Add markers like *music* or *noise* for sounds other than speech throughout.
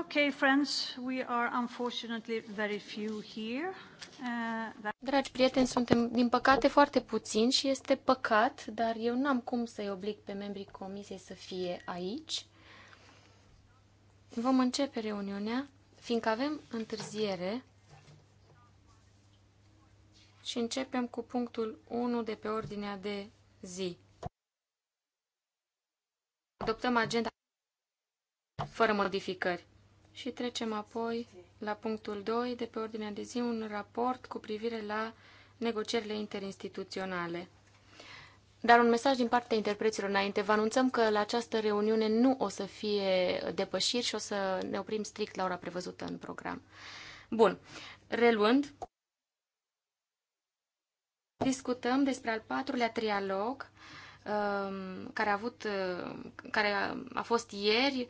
Okay, friends, we are unfortunately very few here. Uh, Dragi prieteni, suntem din păcate foarte puțini și este păcat, dar eu n-am cum să-i oblig pe membrii comisiei să fie aici. Vom începe reuniunea, fiindcă avem întârziere și începem cu punctul 1 de pe ordinea de zi. Adoptăm agenda fără modificări. Și trecem apoi la punctul 2 de pe ordinea de zi, un raport cu privire la negocierile interinstituționale. Dar un mesaj din partea interpreților înainte. Vă anunțăm că la această reuniune nu o să fie depășiri și o să ne oprim strict la ora prevăzută în program. Bun. Reluând, discutăm despre al patrulea trialog um, care a, avut, uh, care a fost ieri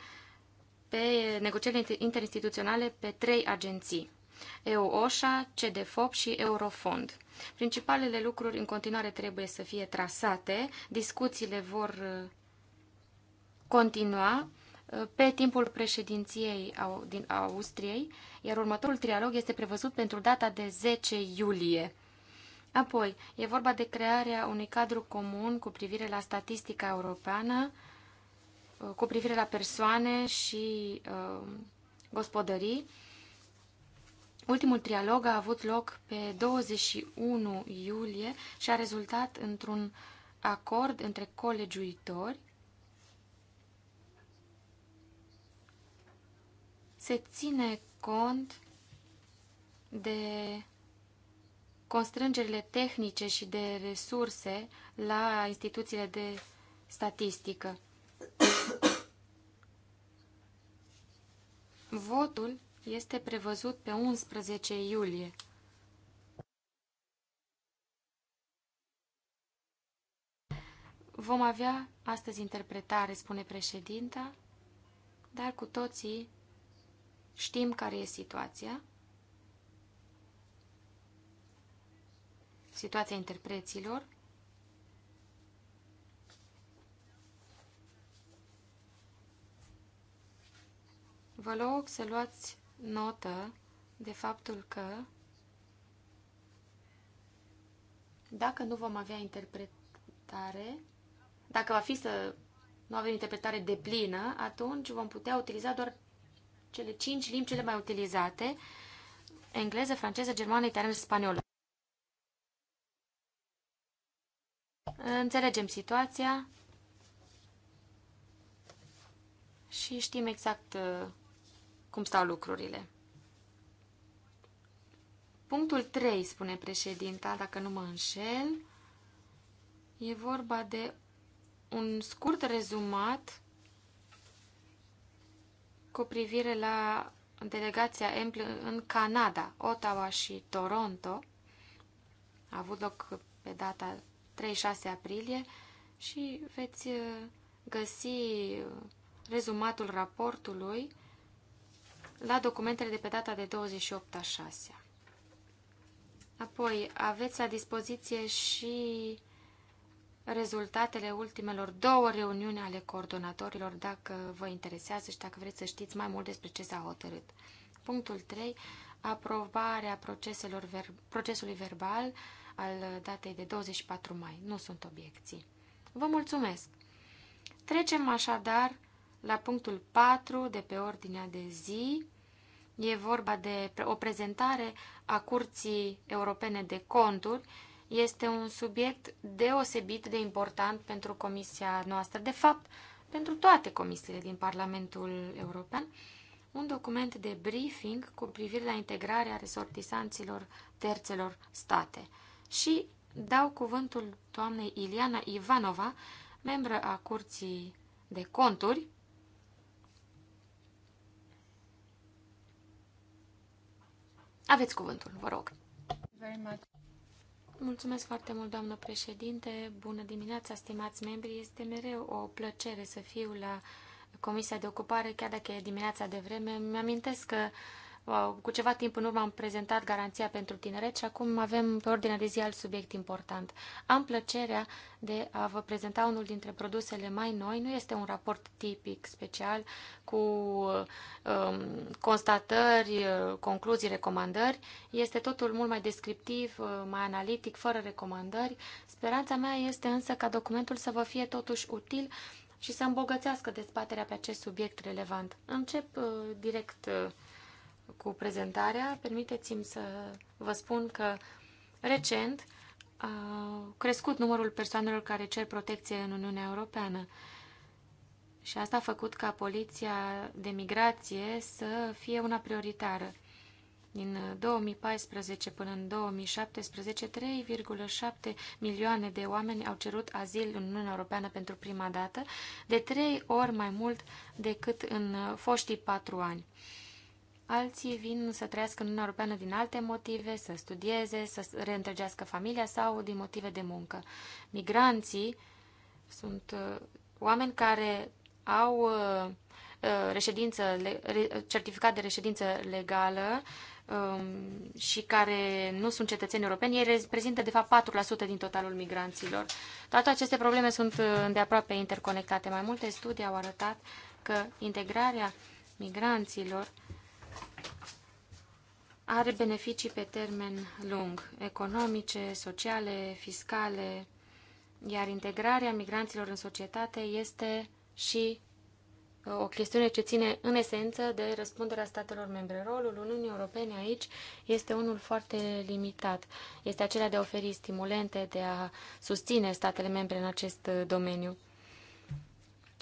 pe negocierile interinstituționale pe trei agenții. EU-OSHA, CDFOP și Eurofond. Principalele lucruri în continuare trebuie să fie trasate, discuțiile vor uh, continua uh, pe timpul președinției din Austriei, iar următorul trialog este prevăzut pentru data de 10 iulie. Apoi, e vorba de crearea unui cadru comun cu privire la statistica europeană, Uh, cu privire la persoane și uh, gospodării. Ultimul trialog a avut loc pe 21 iulie și a rezultat într-un acord între colegiuitori. Se ține cont de constrângerile tehnice și de resurse la instituțiile de statistică. Votul este prevăzut pe 11 iulie. Vom avea astăzi interpretare, spune președinta, dar cu toții știm care e situația. Situația interpreților Vă rog să luați notă de faptul că dacă nu vom avea interpretare, dacă va fi să nu avem interpretare de plină, atunci vom putea utiliza doar cele cinci limbi cele mai utilizate, engleză, franceză, germană, italiană și spaniolă. Înțelegem situația și știm exact uh, cum stau lucrurile. Punctul 3, spune președinta, dacă nu mă înșel, e vorba de un scurt rezumat cu privire la delegația EMPL în Canada, Ottawa și Toronto. A avut loc pe data 36 aprilie și veți uh, găsi uh, rezumatul raportului la documentele de pe data de 28 a 6 Apoi aveți la dispoziție și rezultatele ultimelor două reuniuni ale coordonatorilor dacă vă interesează și dacă vreți să știți mai mult despre ce s-a hotărât. Punctul 3. Aprobarea proceselor ver procesului verbal al datei de 24 mai. Nu sunt obiecții. Vă mulțumesc! Trecem așadar la punctul 4 de pe ordinea de zi, E vorba de o prezentare a Curții Europene de Conturi. Este un subiect deosebit de important pentru comisia noastră, de fapt, pentru toate comisiile din Parlamentul European, un document de briefing cu privire la integrarea resortisanților terțelor state. Și dau cuvântul doamnei Iliana Ivanova, membră a Curții de Conturi, Aveți cuvântul, vă rog. Mulțumesc foarte mult, doamnă președinte. Bună dimineața, stimați membri. Este mereu o plăcere să fiu la Comisia de Ocupare, chiar dacă e dimineața de vreme. Mi-amintesc că cu ceva timp în urmă am prezentat garanția pentru tineret și acum avem pe ordinea de zi alt subiect important. Am plăcerea de a vă prezenta unul dintre produsele mai noi. Nu este un raport tipic special cu um, constatări, concluzii, recomandări. Este totul mult mai descriptiv, uh, mai analitic, fără recomandări. Speranța mea este însă ca documentul să vă fie totuși util și să îmbogățească dezbaterea pe acest subiect relevant. Încep uh, direct uh, cu prezentarea, permiteți-mi să vă spun că recent a crescut numărul persoanelor care cer protecție în Uniunea Europeană. Și asta a făcut ca poliția de migrație să fie una prioritară. Din 2014 până în 2017, 3,7 milioane de oameni au cerut azil în Uniunea Europeană pentru prima dată, de trei ori mai mult decât în foștii patru ani alții vin să trăiască în Uniunea Europeană din alte motive, să studieze, să reîntregească familia sau din motive de muncă. Migranții sunt uh, oameni care au uh, uh, reședință, certificat de reședință legală um, și care nu sunt cetățeni europeni, ei reprezintă de fapt 4% din totalul migranților. Toate aceste probleme sunt îndeaproape interconectate. Mai multe studii au arătat că integrarea migranților are beneficii pe termen lung, economice, sociale, fiscale, iar integrarea migranților în societate este și uh, o chestiune ce ține în esență de răspunderea statelor membre. Rolul Uniunii Europene aici este unul foarte limitat. Este acela de a oferi stimulente, de a susține statele membre în acest uh, domeniu.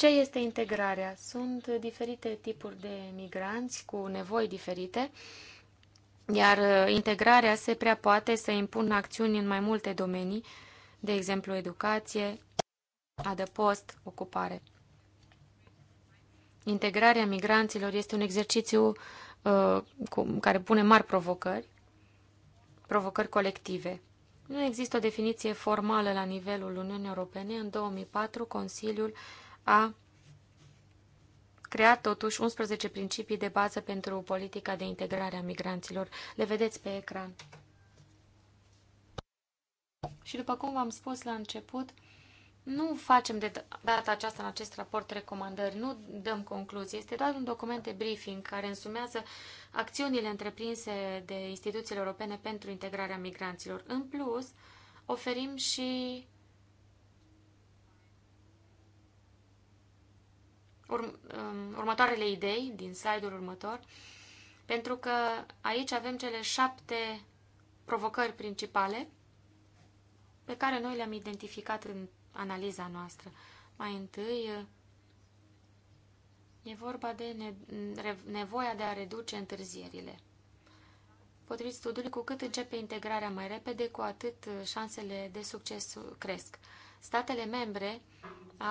Ce este integrarea? Sunt diferite tipuri de migranți cu nevoi diferite, iar uh, integrarea se prea poate să impună acțiuni în mai multe domenii, de exemplu educație, adăpost, ocupare. Integrarea migranților este un exercițiu uh, cu, care pune mari provocări, provocări colective. Nu există o definiție formală la nivelul Uniunii Europene. În 2004, Consiliul a creat totuși 11 principii de bază pentru politica de integrare a migranților. Le vedeți pe ecran. Și după cum v-am spus la început, nu facem de data aceasta în acest raport recomandări, nu dăm concluzii, este doar un document de briefing care însumează acțiunile întreprinse de instituțiile europene pentru integrarea migranților. În plus, oferim și urm um, următoarele idei din slide-ul următor, pentru că aici avem cele șapte provocări principale pe care noi le-am identificat în analiza noastră. Mai întâi, e vorba de nevoia de a reduce întârzierile. Potrivit studiului, cu cât începe integrarea mai repede, cu atât uh, șansele de succes cresc. Statele membre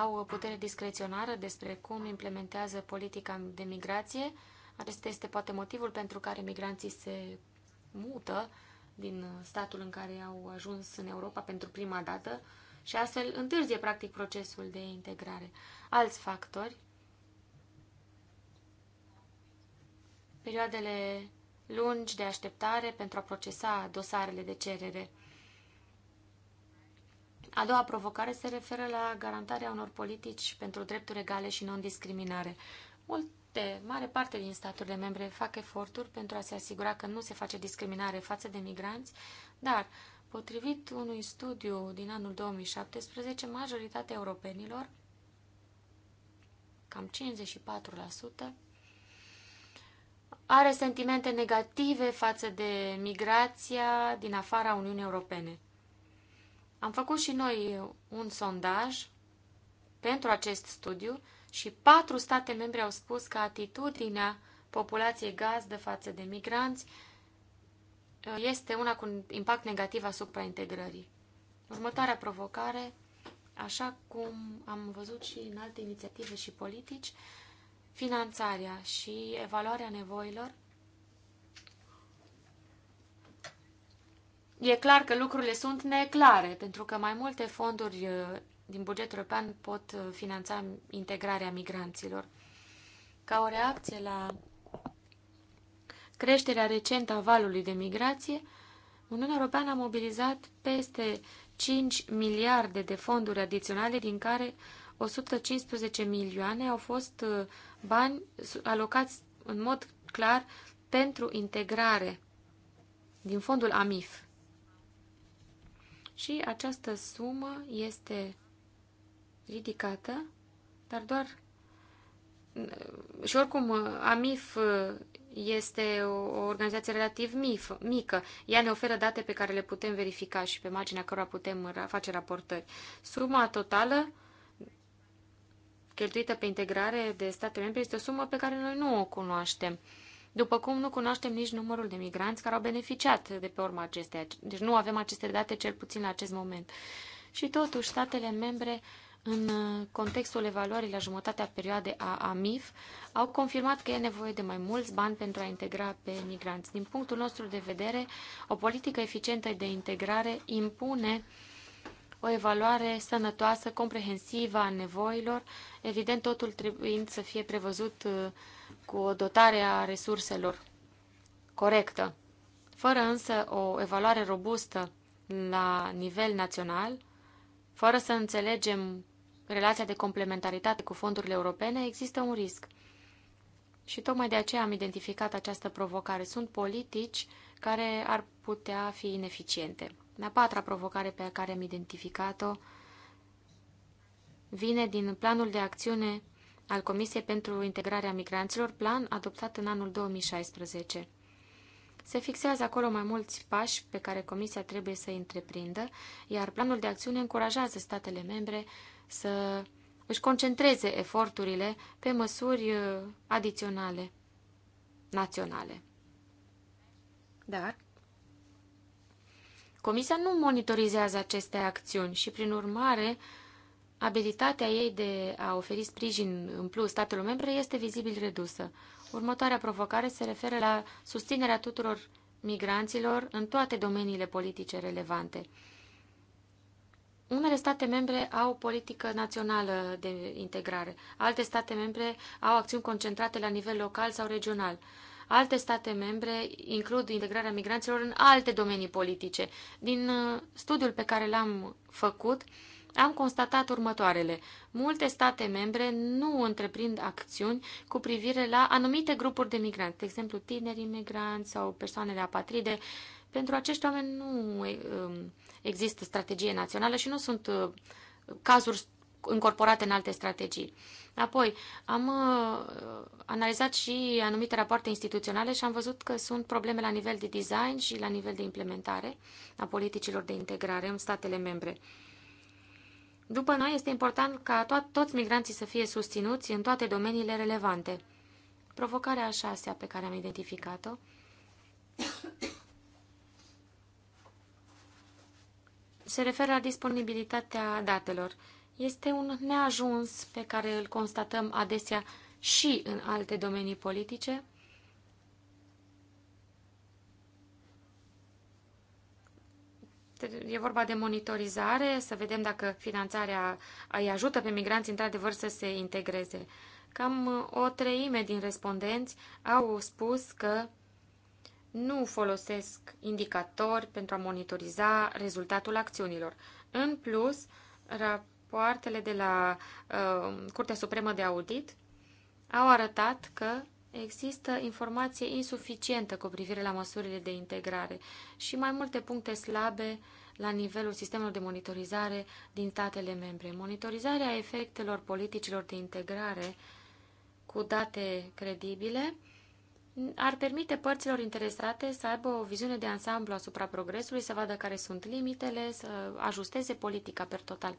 au putere discreționară despre cum implementează politica de migrație. Acesta este poate motivul pentru care migranții se mută din statul în care au ajuns în Europa pentru prima dată și astfel întârzie practic procesul de integrare. Alți factori, perioadele lungi de așteptare pentru a procesa dosarele de cerere, a doua provocare se referă la garantarea unor politici pentru drepturi egale și non-discriminare. Multe, mare parte din statele membre fac eforturi pentru a se asigura că nu se face discriminare față de migranți, dar, potrivit unui studiu din anul 2017, majoritatea europenilor, cam 54%, are sentimente negative față de migrația din afara Uniunii Europene. Am făcut și noi un sondaj pentru acest studiu și patru state membre au spus că atitudinea populației gazdă față de migranți uh, este una cu un impact negativ asupra integrării. Următoarea provocare, așa cum am văzut și în alte inițiative și politici, finanțarea și evaluarea nevoilor e clar că lucrurile sunt neclare, pentru că mai multe fonduri uh, din bugetul european pot uh, finanța integrarea migranților. Ca o reacție la creșterea recentă a valului de migrație, Uniunea Europeană a mobilizat peste 5 miliarde de fonduri adiționale, din care 115 milioane au fost uh, bani alocați în mod clar pentru integrare din fondul AMIF și această sumă este ridicată, dar doar și oricum AMIF este o organizație relativ mif, mică. Ea ne oferă date pe care le putem verifica și pe marginea cărora putem face raportări. Suma totală cheltuită pe integrare de state membre este o sumă pe care noi nu o cunoaștem. După cum nu cunoaștem nici numărul de migranți care au beneficiat de pe urma acestea, deci nu avem aceste date cel puțin la acest moment. Și totuși, statele membre, în contextul evaluării la jumătatea perioadei a AMIF, au confirmat că e nevoie de mai mulți bani pentru a integra pe migranți. Din punctul nostru de vedere, o politică eficientă de integrare impune o evaluare sănătoasă, comprehensivă a nevoilor, evident totul trebuind să fie prevăzut uh, cu o dotare a resurselor corectă, fără însă o evaluare robustă la nivel național, fără să înțelegem relația de complementaritate cu fondurile europene, există un risc. Și tocmai de aceea am identificat această provocare. Sunt politici care ar putea fi ineficiente. A patra provocare pe care am identificat-o vine din planul de acțiune al Comisiei pentru Integrarea Migranților, plan adoptat în anul 2016. Se fixează acolo mai mulți pași pe care Comisia trebuie să-i întreprindă, iar planul de acțiune încurajează statele membre să își concentreze eforturile pe măsuri uh, adiționale naționale. Dar Comisia nu monitorizează aceste acțiuni și, prin urmare, abilitatea ei de a oferi sprijin în plus statelor membre este vizibil redusă. Următoarea provocare se referă la susținerea tuturor migranților în toate domeniile politice relevante. Unele state membre au politică națională de integrare, alte state membre au acțiuni concentrate la nivel local sau regional. Alte state membre includ integrarea migranților în alte domenii politice. Din uh, studiul pe care l-am făcut, am constatat următoarele. Multe state membre nu întreprind acțiuni cu privire la anumite grupuri de migranți, de exemplu tinerii migranți sau persoanele apatride. Pentru acești oameni nu um, există strategie națională și nu sunt uh, cazuri încorporate în alte strategii. Apoi, am uh, analizat și anumite rapoarte instituționale și am văzut că sunt probleme la nivel de design și la nivel de implementare a politicilor de integrare în statele membre. Uh, după noi, este important ca to toți migranții să fie susținuți în toate domeniile relevante. Provocarea a șasea pe care am identificat-o se referă la disponibilitatea datelor. Este un neajuns pe care îl constatăm adesea și în alte domenii politice, E vorba de monitorizare, să vedem dacă finanțarea îi ajută pe migranți într-adevăr să se integreze. Cam uh, o treime din respondenți au spus că nu folosesc indicatori pentru a monitoriza rezultatul acțiunilor. În plus, rapoartele de la uh, Curtea Supremă de Audit au arătat că există informație insuficientă cu privire la măsurile de integrare și mai multe puncte slabe la nivelul sistemelor de monitorizare din statele membre. Monitorizarea efectelor politicilor de integrare cu date credibile ar permite părților interesate să aibă o viziune de ansamblu asupra progresului, să vadă care sunt limitele, să ajusteze politica per total.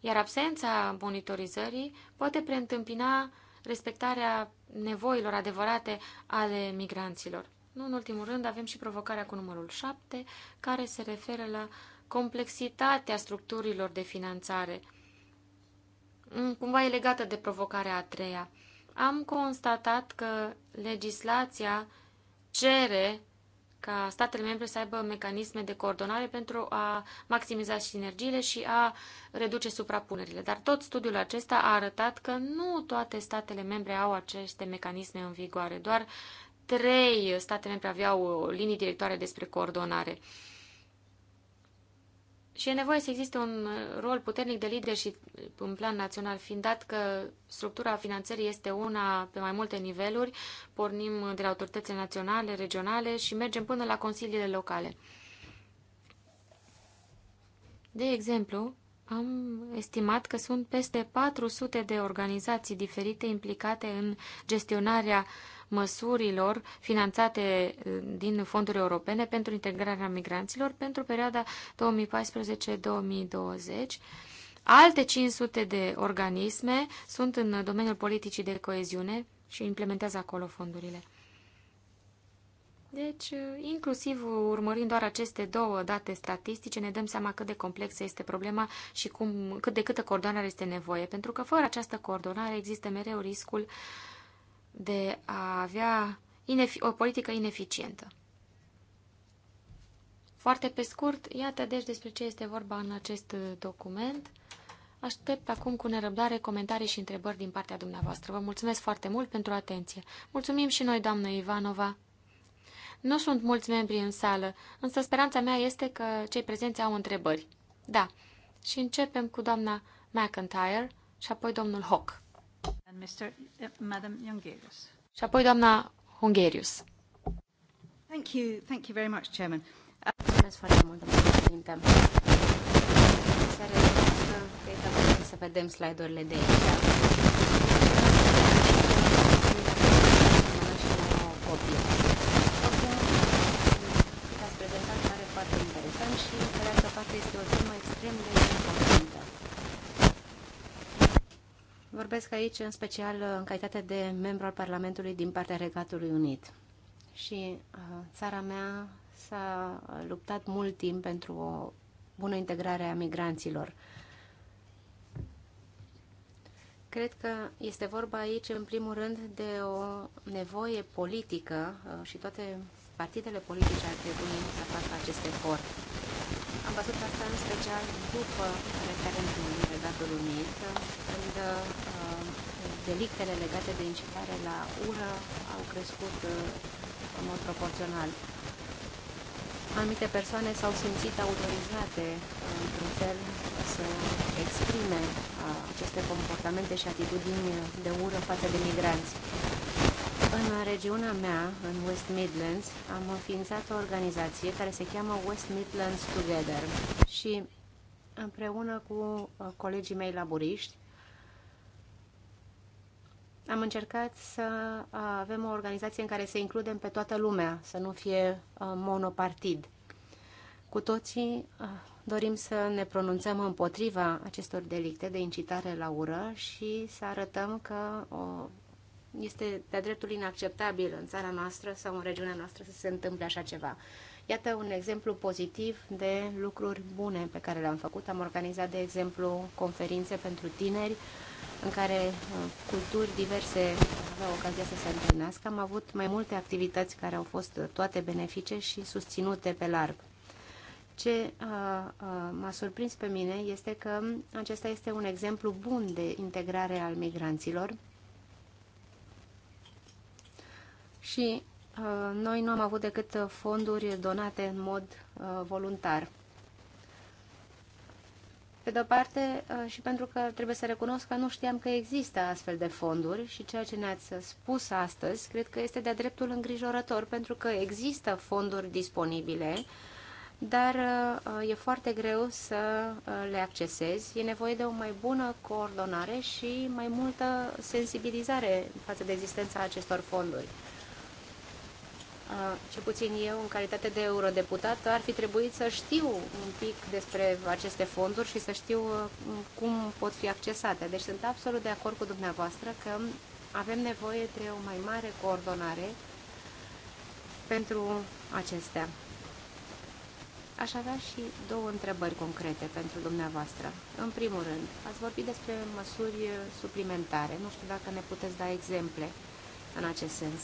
Iar absența monitorizării poate preîntâmpina respectarea nevoilor adevărate ale migranților. Nu în ultimul rând avem și provocarea cu numărul 7, care se referă la complexitatea structurilor de finanțare. Mm, cumva e legată de provocarea a treia. Am constatat că legislația cere ca statele membre să aibă mecanisme de coordonare pentru a maximiza sinergiile și a reduce suprapunerile. Dar tot studiul acesta a arătat că nu toate statele membre au aceste mecanisme în vigoare, doar trei state membre aveau linii directoare despre coordonare. Și e nevoie să existe un rol puternic de lider și în plan național, fiind dat că structura finanțării este una pe mai multe niveluri, pornim de la autoritățile naționale, regionale și mergem până la consiliile locale. De exemplu, am estimat că sunt peste 400 de organizații diferite implicate în gestionarea uh, măsurilor finanțate uh, din fonduri europene pentru integrarea migranților pentru perioada 2014-2020. Alte 500 de organisme sunt în domeniul politicii de coeziune și implementează acolo fondurile. Deci, uh, inclusiv urmărind doar aceste două date statistice, ne dăm seama cât de complexă este problema și cum, cât de câtă coordonare este nevoie, pentru că fără această coordonare există mereu riscul de a avea o politică ineficientă. Foarte pe scurt, iată deci despre ce este vorba în acest document. Aștept acum cu nerăbdare comentarii și întrebări din partea dumneavoastră. Vă mulțumesc foarte mult pentru atenție. Mulțumim și noi, doamnă Ivanova. Nu sunt mulți membri în sală, însă speranța mea este că cei prezenți au întrebări. Da, și începem cu doamna McIntyre și apoi domnul Hock. Eh, Și apoi doamna Hungerius. Thank you, thank you very much, Chairman. Mulțumesc foarte mult, domnule președinte. Seara să vedem slide-urile de aici. vorbesc aici în special în calitate de membru al Parlamentului din partea Regatului Unit. Și uh, țara mea s-a luptat mult timp pentru o bună integrare a migranților. Cred că este vorba aici, în primul rând, de o nevoie politică uh, și toate partidele politice ar trebui să facă acest efort. Am văzut asta în special după referendumul Regatului Unit, când uh, delictele legate de incitare la ură au crescut uh, în mod proporțional. Anumite persoane s-au simțit autorizate, uh, într-un fel, să exprime uh, aceste comportamente și atitudini de ură față de migranți. În regiunea mea, în West Midlands, am înființat o organizație care se cheamă West Midlands Together și împreună cu colegii mei laburiști am încercat să avem o organizație în care să includem pe toată lumea, să nu fie uh, monopartid. Cu toții uh, dorim să ne pronunțăm împotriva acestor delicte de incitare la ură și să arătăm că o, este de-a dreptul inacceptabil în țara noastră sau în regiunea noastră să se întâmple așa ceva. Iată un exemplu pozitiv de lucruri bune pe care le-am făcut. Am organizat, de exemplu, conferințe pentru tineri, în care uh, culturi diverse aveau ocazia să se întâlnească. Am avut mai multe activități care au fost uh, toate benefice și susținute pe larg. Ce uh, m-a surprins pe mine este că acesta este un exemplu bun de integrare al migranților și noi nu am avut decât fonduri donate în mod voluntar. Pe de-o parte, uh, și pentru că trebuie să recunosc că nu știam că există astfel de fonduri și ceea ce ne-ați spus astăzi, cred că este de-a dreptul îngrijorător, pentru că există fonduri disponibile, dar uh, e foarte greu să uh, le accesezi. E nevoie de o mai bună coordonare și mai multă sensibilizare față de existența acestor fonduri cel puțin eu, în calitate de eurodeputat, ar fi trebuit să știu un pic despre aceste fonduri și să știu uh, cum pot fi accesate. Deci sunt absolut de acord cu dumneavoastră că avem nevoie de o mai mare coordonare pentru acestea. Aș avea și două întrebări concrete pentru dumneavoastră. În primul rând, ați vorbit despre măsuri suplimentare. Nu știu dacă ne puteți da exemple în acest sens.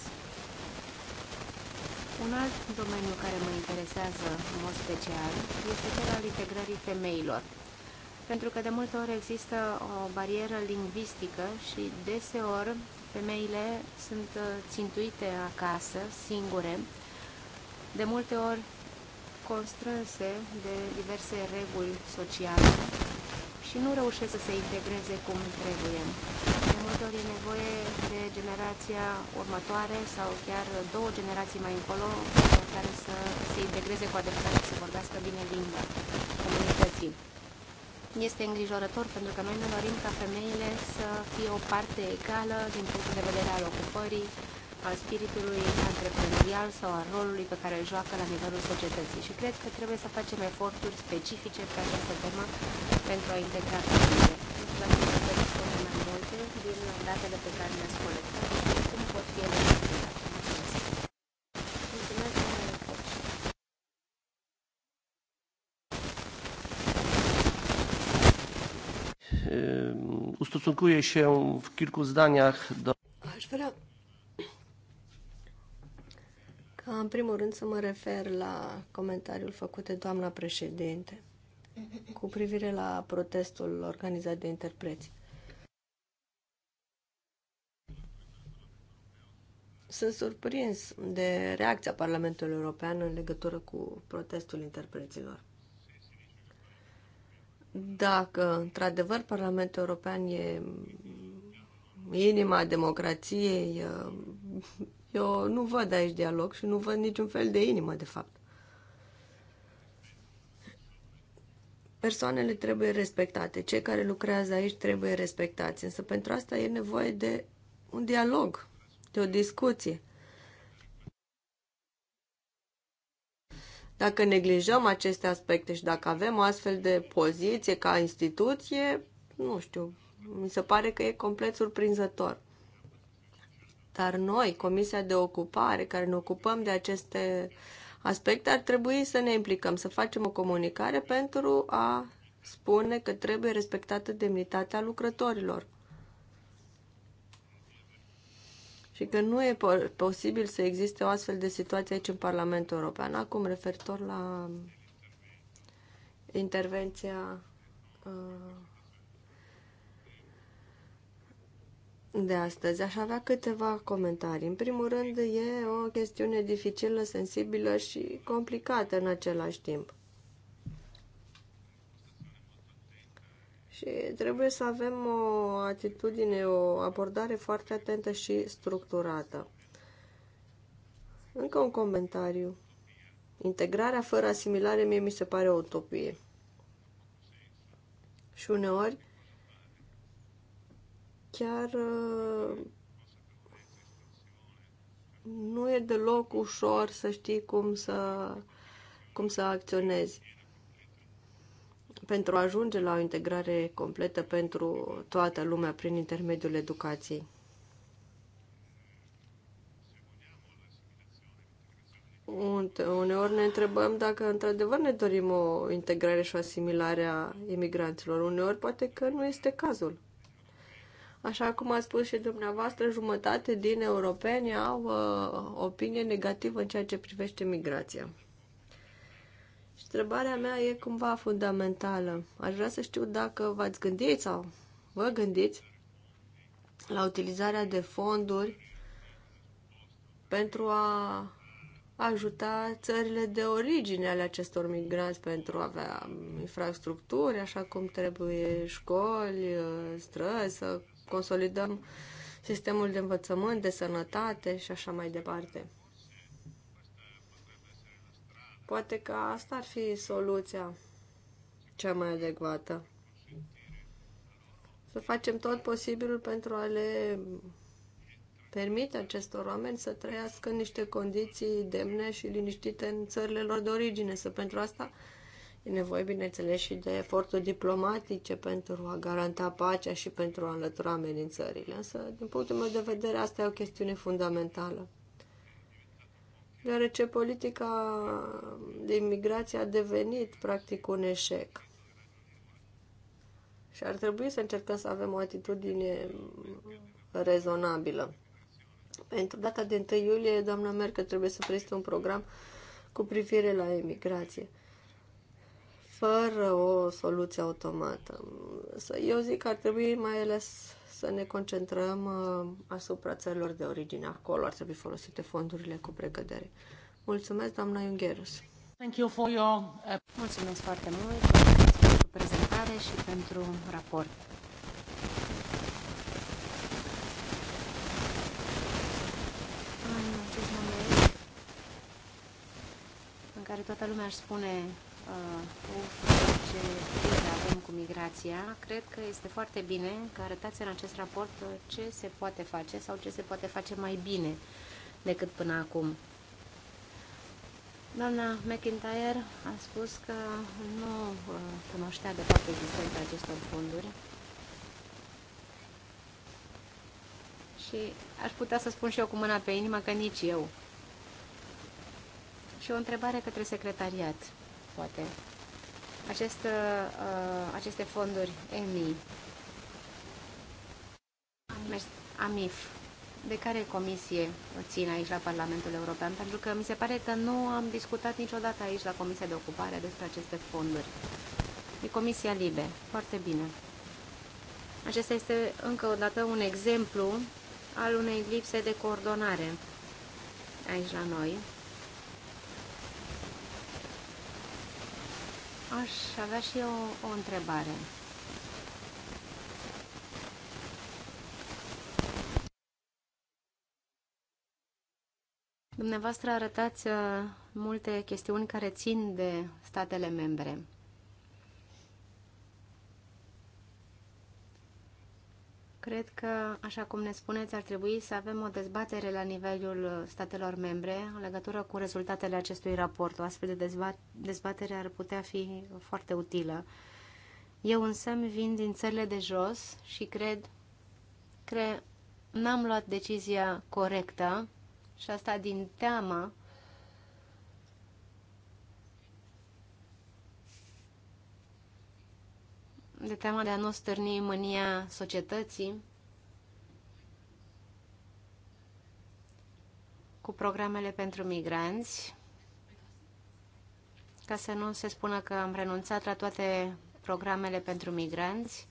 Un alt domeniu care mă interesează în mod special este cel al integrării femeilor. Pentru că de multe ori există o barieră lingvistică și deseori femeile sunt uh, țintuite acasă, singure, de multe ori constrânse de diverse reguli sociale și nu reușesc să se integreze cum trebuie viitor e nevoie de generația următoare sau chiar două generații mai încolo care să se integreze cu adevărat și să vorbească bine limba comunității. Este îngrijorător pentru că noi ne dorim ca femeile să fie o parte egală din punctul de vedere al ocupării, al spiritului antreprenorial sau al rolului pe care îl joacă la nivelul societății și cred că trebuie să facem eforturi specifice pe această temă pentru a integra femeile. Mulțumesc! nu privim la datele pe care le-ați colectat și cum pot fi ele utilizate. Mulțumesc! Mulțumesc, domnule Fox! Ehm, ustosunkuję się w kilku zdaniach do... Aș vrea ca în primul rând să mă refer la comentariul făcut de doamna președinte cu privire la protestul organizat de interpreții. sunt surprins de reacția Parlamentului European în legătură cu protestul interpreților. Dacă, într-adevăr, Parlamentul European e inima democrației, eu nu văd aici dialog și nu văd niciun fel de inimă, de fapt. Persoanele trebuie respectate, cei care lucrează aici trebuie respectați, însă pentru asta e nevoie de un dialog de o discuție. Dacă neglijăm aceste aspecte și dacă avem o astfel de poziție ca instituție, nu știu, mi se pare că e complet surprinzător. Dar noi, Comisia de Ocupare, care ne ocupăm de aceste aspecte, ar trebui să ne implicăm, să facem o comunicare pentru a spune că trebuie respectată demnitatea lucrătorilor. și că nu e posibil să existe o astfel de situație aici în Parlamentul European. Acum, referitor la um, intervenția uh, de astăzi, aș avea câteva comentarii. În primul rând, e o chestiune dificilă, sensibilă și complicată în același timp. Și trebuie să avem o atitudine, o abordare foarte atentă și structurată. Încă un comentariu. Integrarea fără asimilare mie mi se pare o utopie. Și uneori chiar uh, nu e deloc ușor să știi cum să, cum să acționezi pentru a ajunge la o integrare completă pentru toată lumea prin intermediul educației. Uneori ne întrebăm dacă într-adevăr ne dorim o integrare și o asimilare a imigranților. Uneori poate că nu este cazul. Așa cum a spus și dumneavoastră, jumătate din europeni au uh, opinie negativă în ceea ce privește migrația. Și întrebarea mea e cumva fundamentală. Aș vrea să știu dacă v-ați gândit sau vă gândiți la utilizarea de fonduri pentru a ajuta țările de origine ale acestor migranți pentru a avea infrastructuri, așa cum trebuie școli, străzi, să consolidăm sistemul de învățământ, de sănătate și așa mai departe. Poate că asta ar fi soluția cea mai adecvată. Să facem tot posibilul pentru a le permite acestor oameni să trăiască în niște condiții demne și liniștite în țările lor de origine. Să pentru asta e nevoie, bineînțeles, și de eforturi diplomatice pentru a garanta pacea și pentru a înlătura amenințările. Însă, din punctul meu de vedere, asta e o chestiune fundamentală deoarece politica de imigrație a devenit practic un eșec. Și ar trebui să încercăm să avem o atitudine rezonabilă. Pentru data de 1 iulie, doamna Merkel trebuie să prezinte un program cu privire la emigrație, fără o soluție automată. Eu zic că ar trebui mai ales să ne concentrăm uh, asupra țărilor de origine. Acolo ar trebui folosite fondurile cu precădere. Mulțumesc, doamna Iungherus. Thank you for your... Uh, Mulțumesc foarte mult pentru prezentare și pentru raport. În acest moment în care toată lumea își spune uh, uf, ce probleme avem cu migrația, cred că este foarte bine că arătați în acest raport uh, ce se poate face sau ce se poate face mai bine decât până acum. Doamna McIntyre a spus că nu uh, cunoștea de fapt existența acestor fonduri și aș putea să spun și eu cu mâna pe inimă că nici eu. Și o întrebare către secretariat, poate acest, uh, aceste fonduri EMI, AMIF, de care comisie țin aici la Parlamentul European? Pentru că mi se pare că nu am discutat niciodată aici la Comisia de Ocupare despre aceste fonduri. E Comisia Libe. Foarte bine. Acesta este încă o dată un exemplu al unei lipse de coordonare aici la noi Aș avea și eu o, o întrebare. Dumneavoastră arătați uh, multe chestiuni care țin de statele membre. Cred că, așa cum ne spuneți, ar trebui să avem o dezbatere la nivelul statelor membre în legătură cu rezultatele acestui raport. O astfel de dezbatere ar putea fi foarte utilă. Eu însă vin din țările de jos și cred că n-am luat decizia corectă și asta din teama de teama de a nu stârni mânia societății cu programele pentru migranți, ca să nu se spună că am renunțat la toate programele pentru migranți.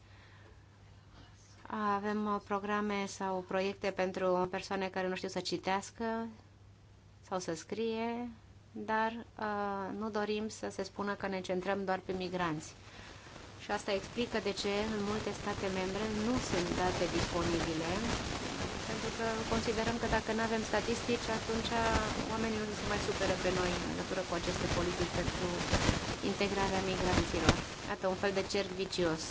Avem programe sau proiecte pentru persoane care nu știu să citească sau să scrie, dar uh, nu dorim să se spună că ne centrăm doar pe migranți și asta explică de ce în multe state membre nu sunt date disponibile, pentru că considerăm că dacă nu avem statistici, atunci oamenii nu se mai supere pe noi în legătură cu aceste politici pentru integrarea migranților. Iată, un fel de cerc vicios.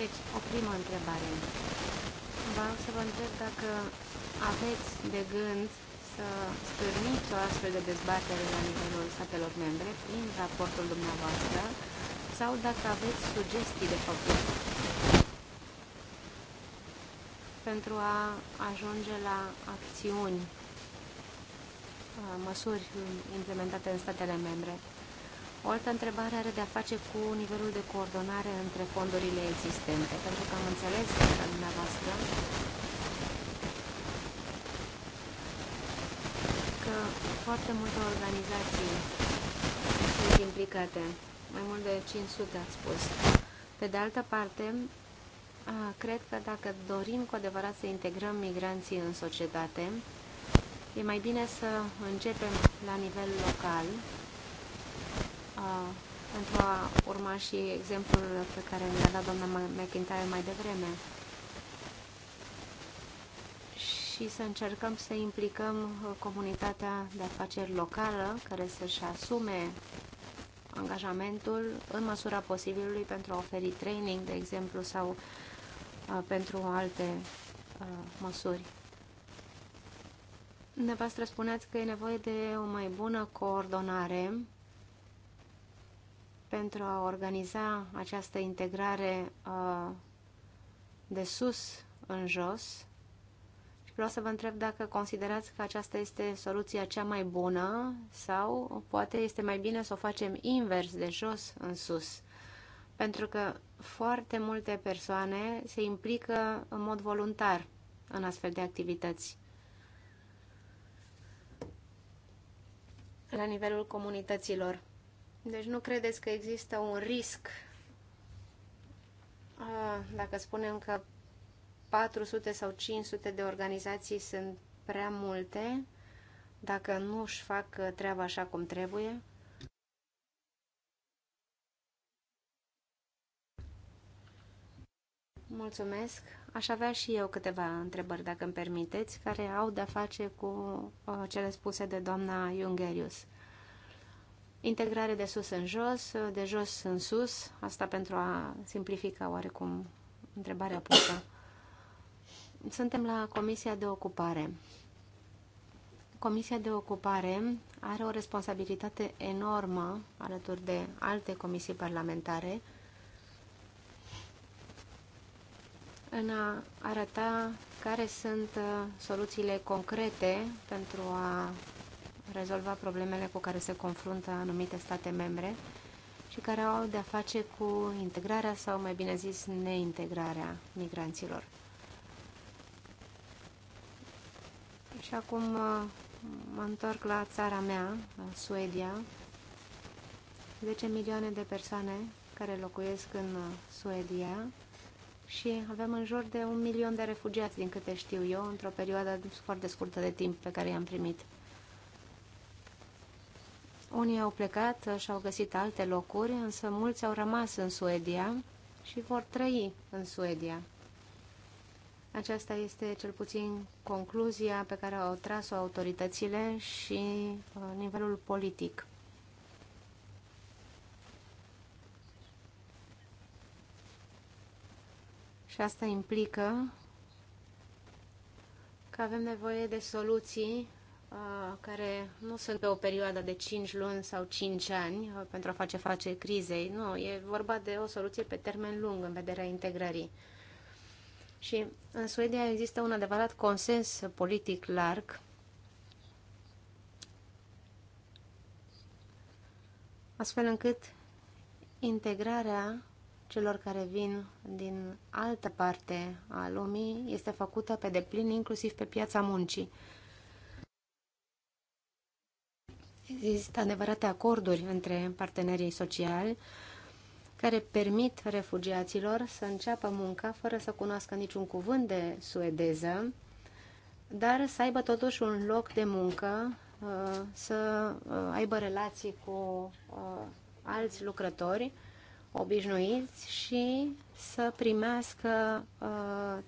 Deci, o primă întrebare. Vreau să vă întreb dacă aveți de gând să stârniți o astfel de dezbatere la nivelul statelor membre prin raportul dumneavoastră sau dacă aveți sugestii de făcut pentru a ajunge la acțiuni, uh, măsuri implementate în statele membre. O altă întrebare are de-a face cu nivelul de coordonare între fondurile existente, pentru că am înțeles că dumneavoastră că foarte multe organizații sunt implicate, mai mult de 500 ați spus. Pe de altă parte, cred că dacă dorim cu adevărat să integrăm migranții în societate, e mai bine să începem la nivel local, pentru a urma și exemplul pe care ne-a dat doamna McIntyre mai devreme și să încercăm să implicăm uh, comunitatea de afaceri locală care să-și asume angajamentul în măsura posibilului pentru a oferi training, de exemplu, sau uh, pentru alte uh, măsuri. Nevastră, spuneați că e nevoie de o mai bună coordonare pentru a organiza această integrare de sus în jos Vreau să vă întreb dacă considerați că aceasta este soluția cea mai bună sau poate este mai bine să o facem invers, de jos în sus. Pentru că foarte multe persoane se implică în mod voluntar în astfel de activități. La nivelul comunităților. Deci nu credeți că există un risc dacă spunem că 400 sau 500 de organizații sunt prea multe dacă nu își fac uh, treaba așa cum trebuie. Mulțumesc. Aș avea și eu câteva întrebări, dacă îmi permiteți, care au de-a face cu uh, cele spuse de doamna Jungerius. Integrare de sus în jos, uh, de jos în sus, asta pentru a simplifica oarecum întrebarea pusă suntem la Comisia de Ocupare. Comisia de Ocupare are o responsabilitate enormă alături de alte comisii parlamentare în a arăta care sunt uh, soluțiile concrete pentru a rezolva problemele cu care se confruntă anumite state membre și care au de-a face cu integrarea sau, mai bine zis, neintegrarea migranților. Și acum uh, mă întorc la țara mea, la Suedia. 10 milioane de persoane care locuiesc în uh, Suedia și avem în jur de un milion de refugiați, din câte știu eu, într-o perioadă foarte scurtă de timp pe care i-am primit. Unii au plecat și au găsit alte locuri, însă mulți au rămas în Suedia și vor trăi în Suedia. Aceasta este cel puțin concluzia pe care au tras-o autoritățile și uh, nivelul politic. Și asta implică că avem nevoie de soluții uh, care nu sunt pe o perioadă de 5 luni sau 5 ani uh, pentru a face face crizei. Nu, e vorba de o soluție pe termen lung în vederea integrării. Și în Suedia există un adevărat consens politic larg astfel încât integrarea celor care vin din altă parte a lumii este făcută pe deplin, inclusiv pe piața muncii. Există adevărate acorduri între partenerii sociali care permit refugiaților să înceapă munca fără să cunoască niciun cuvânt de suedeză, dar să aibă totuși un loc de muncă, uh, să uh, aibă relații cu uh, alți lucrători obișnuiți și să primească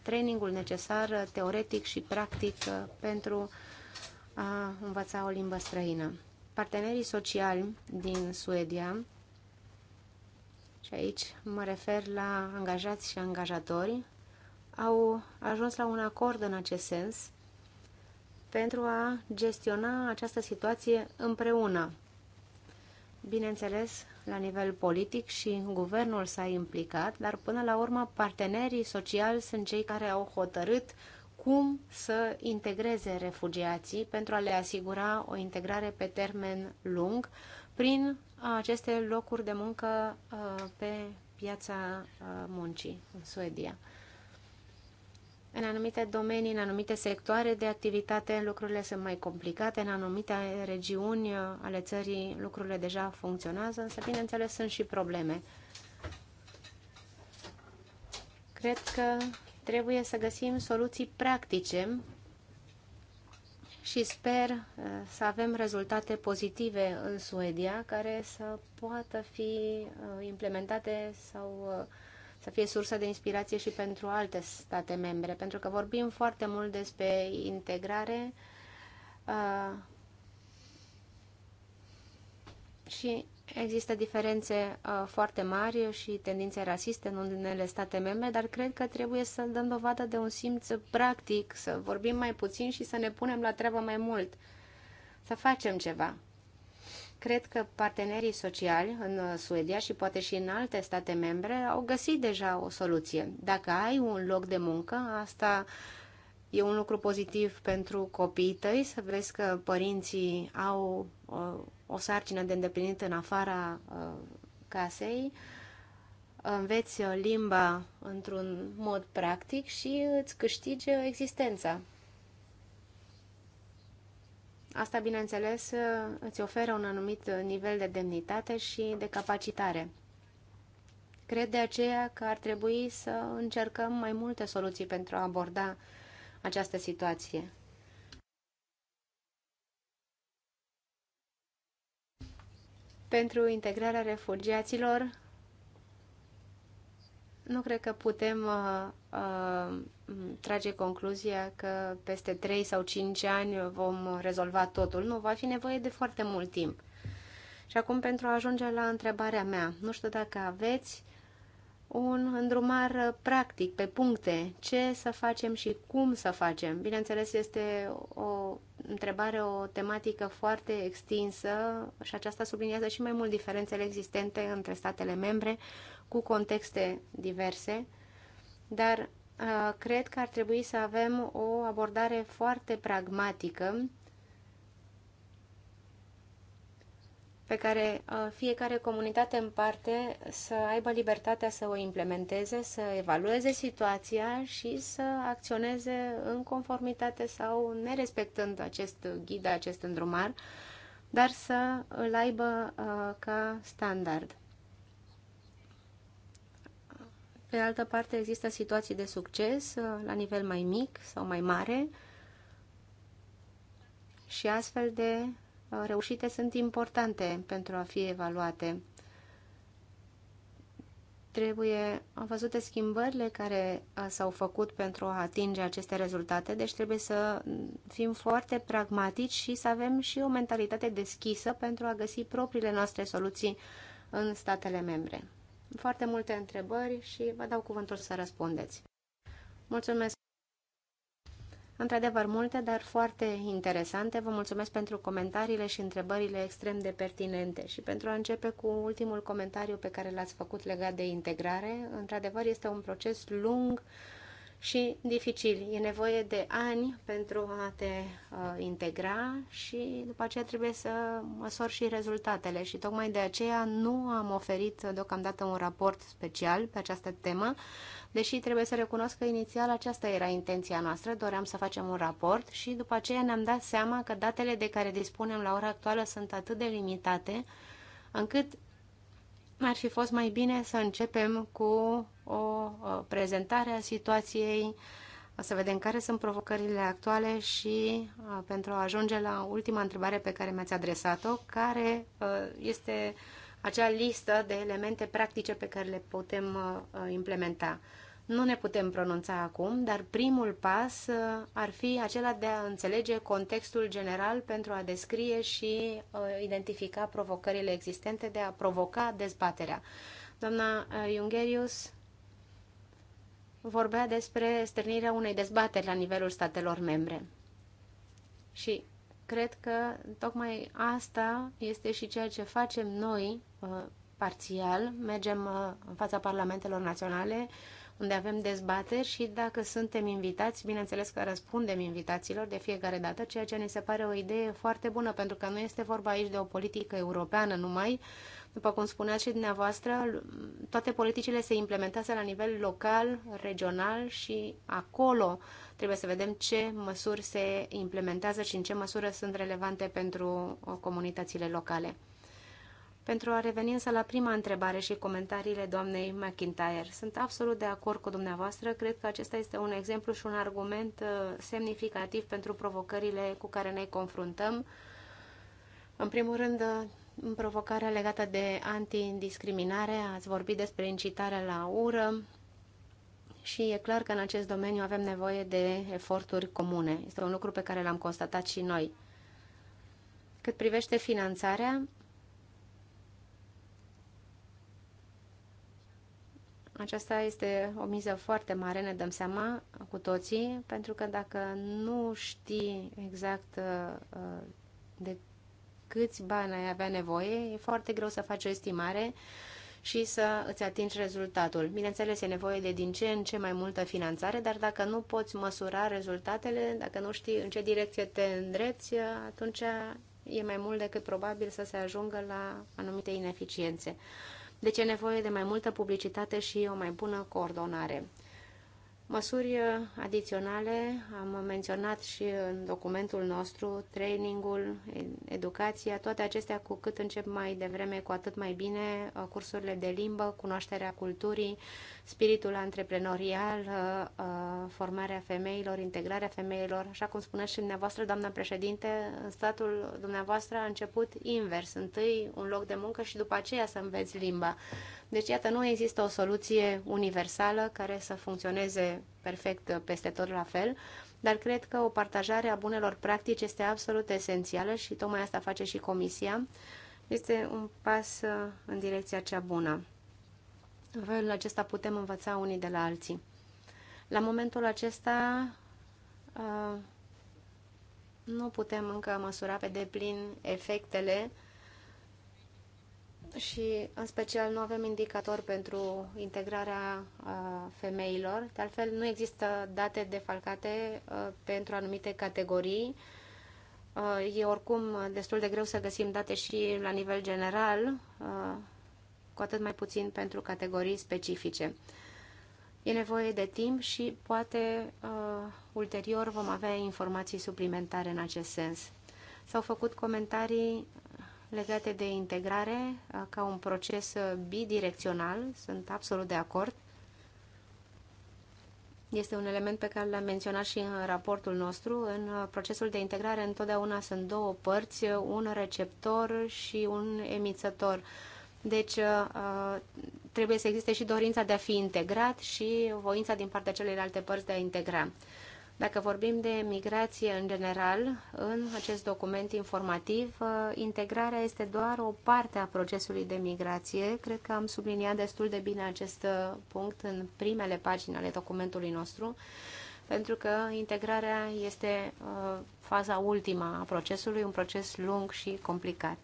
trainingul necesar teoretic și practic pentru a învăța o limbă străină. Partenerii sociali din Suedia și aici mă refer la angajați și angajatori, au ajuns la un acord în acest sens pentru a gestiona această situație împreună. Bineînțeles, la nivel politic și guvernul s-a implicat, dar până la urmă partenerii sociali sunt cei care au hotărât cum să integreze refugiații pentru a le asigura o integrare pe termen lung prin aceste locuri de muncă uh, pe piața uh, muncii în Suedia. În anumite domenii, în anumite sectoare de activitate, lucrurile sunt mai complicate, în anumite regiuni uh, ale țării lucrurile deja funcționează, însă, bineînțeles, sunt și probleme. Cred că trebuie să găsim soluții practice și sper uh, să avem rezultate pozitive în Suedia care să poată fi uh, implementate sau uh, să fie sursă de inspirație și pentru alte state membre, pentru că vorbim foarte mult despre integrare și Există diferențe uh, foarte mari și tendințe rasiste în unele state membre, dar cred că trebuie să dăm dovadă de un simț practic, să vorbim mai puțin și să ne punem la treabă mai mult, să facem ceva. Cred că partenerii sociali în uh, Suedia și poate și în alte state membre au găsit deja o soluție. Dacă ai un loc de muncă, asta e un lucru pozitiv pentru copiii tăi, să vezi că părinții au o sarcină de îndeplinit în afara uh, casei, înveți uh, limba într-un mod practic și îți câștigi uh, existența. Asta, bineînțeles, îți oferă un anumit nivel de demnitate și de capacitare. Cred de aceea că ar trebui să încercăm mai multe soluții pentru a aborda această situație. pentru integrarea refugiaților, nu cred că putem uh, uh, trage concluzia că peste 3 sau 5 ani vom rezolva totul. Nu, va fi nevoie de foarte mult timp. Și acum pentru a ajunge la întrebarea mea, nu știu dacă aveți un îndrumar practic, pe puncte, ce să facem și cum să facem. Bineînțeles, este o întrebare o tematică foarte extinsă și aceasta subliniază și mai mult diferențele existente între statele membre cu contexte diverse, dar uh, cred că ar trebui să avem o abordare foarte pragmatică pe care uh, fiecare comunitate în parte să aibă libertatea să o implementeze, să evalueze situația și să acționeze în conformitate sau nerespectând acest ghid, acest îndrumar, dar să îl aibă uh, ca standard. Pe altă parte, există situații de succes uh, la nivel mai mic sau mai mare și astfel de reușite sunt importante pentru a fi evaluate. Trebuie văzute schimbările care s-au făcut pentru a atinge aceste rezultate, deci trebuie să fim foarte pragmatici și să avem și o mentalitate deschisă pentru a găsi propriile noastre soluții în statele membre. Foarte multe întrebări și vă dau cuvântul să răspundeți. Mulțumesc Într-adevăr, multe, dar foarte interesante. Vă mulțumesc pentru comentariile și întrebările extrem de pertinente. Și pentru a începe cu ultimul comentariu pe care l-ați făcut legat de integrare, într-adevăr este un proces lung și dificil. E nevoie de ani pentru a te uh, integra și după aceea trebuie să măsori și rezultatele. Și tocmai de aceea nu am oferit deocamdată un raport special pe această temă, deși trebuie să recunosc că inițial aceasta era intenția noastră, doream să facem un raport și după aceea ne-am dat seama că datele de care dispunem la ora actuală sunt atât de limitate, încât ar fi fost mai bine să începem cu o uh, prezentare a situației, să vedem care sunt provocările actuale și uh, pentru a ajunge la ultima întrebare pe care mi-ați adresat-o, care uh, este acea listă de elemente practice pe care le putem implementa. Nu ne putem pronunța acum, dar primul pas uh, ar fi acela de a înțelege contextul general pentru a descrie și uh, identifica provocările existente de a provoca dezbaterea. Doamna Jungerius uh, vorbea despre stârnirea unei dezbateri la nivelul statelor membre. Și cred că tocmai asta este și ceea ce facem noi parțial. Mergem în fața parlamentelor naționale, unde avem dezbateri și dacă suntem invitați, bineînțeles că răspundem invitațiilor de fiecare dată, ceea ce ne se pare o idee foarte bună, pentru că nu este vorba aici de o politică europeană numai, după cum spuneați și dumneavoastră, toate politicile se implementează la nivel local, regional și acolo trebuie să vedem ce măsuri se implementează și în ce măsură sunt relevante pentru comunitățile locale. Pentru a reveni însă la prima întrebare și comentariile doamnei McIntyre, sunt absolut de acord cu dumneavoastră. Cred că acesta este un exemplu și un argument uh, semnificativ pentru provocările cu care ne confruntăm. În primul rând, uh, în provocarea legată de antidiscriminare, ați vorbit despre incitarea la ură și e clar că în acest domeniu avem nevoie de eforturi comune. Este un lucru pe care l-am constatat și noi. Cât privește finanțarea, Aceasta este o miză foarte mare, ne dăm seama cu toții, pentru că dacă nu știi exact uh, de câți bani ai avea nevoie, e foarte greu să faci o estimare și să îți atingi rezultatul. Bineînțeles, e nevoie de din ce în ce mai multă finanțare, dar dacă nu poți măsura rezultatele, dacă nu știi în ce direcție te îndreți, atunci e mai mult decât probabil să se ajungă la anumite ineficiențe deci e nevoie de mai multă publicitate și o mai bună coordonare. Măsuri uh, adiționale am menționat și în documentul nostru, trainingul, educația, toate acestea cu cât încep mai devreme, cu atât mai bine, uh, cursurile de limbă, cunoașterea culturii, spiritul antreprenorial, uh, formarea femeilor, integrarea femeilor. Așa cum spuneți și dumneavoastră, doamna președinte, în statul dumneavoastră a început invers. Întâi un loc de muncă și după aceea să înveți limba. Deci, iată, nu există o soluție universală care să funcționeze perfect peste tot la fel, dar cred că o partajare a bunelor practici este absolut esențială și tocmai asta face și Comisia. Este un pas uh, în direcția cea bună. În felul acesta putem învăța unii de la alții. La momentul acesta uh, nu putem încă măsura pe deplin efectele și în special nu avem indicator pentru integrarea uh, femeilor. De altfel, nu există date defalcate uh, pentru anumite categorii. Uh, e oricum destul de greu să găsim date și la nivel general, cu atât mai puțin pentru categorii specifice. E nevoie de timp și poate ulterior vom avea informații suplimentare în acest sens. S-au făcut comentarii legate de integrare ca un proces bidirecțional, sunt absolut de acord. Este un element pe care l-am menționat și în raportul nostru. În procesul de integrare întotdeauna sunt două părți, un receptor și un emițător. Deci trebuie să existe și dorința de a fi integrat și voința din partea celelalte părți de a integra. Dacă vorbim de migrație în general, în acest document informativ, uh, integrarea este doar o parte a procesului de migrație. Cred că am subliniat destul de bine acest uh, punct în primele pagini ale documentului nostru, pentru că integrarea este uh, faza ultima a procesului, un proces lung și complicat.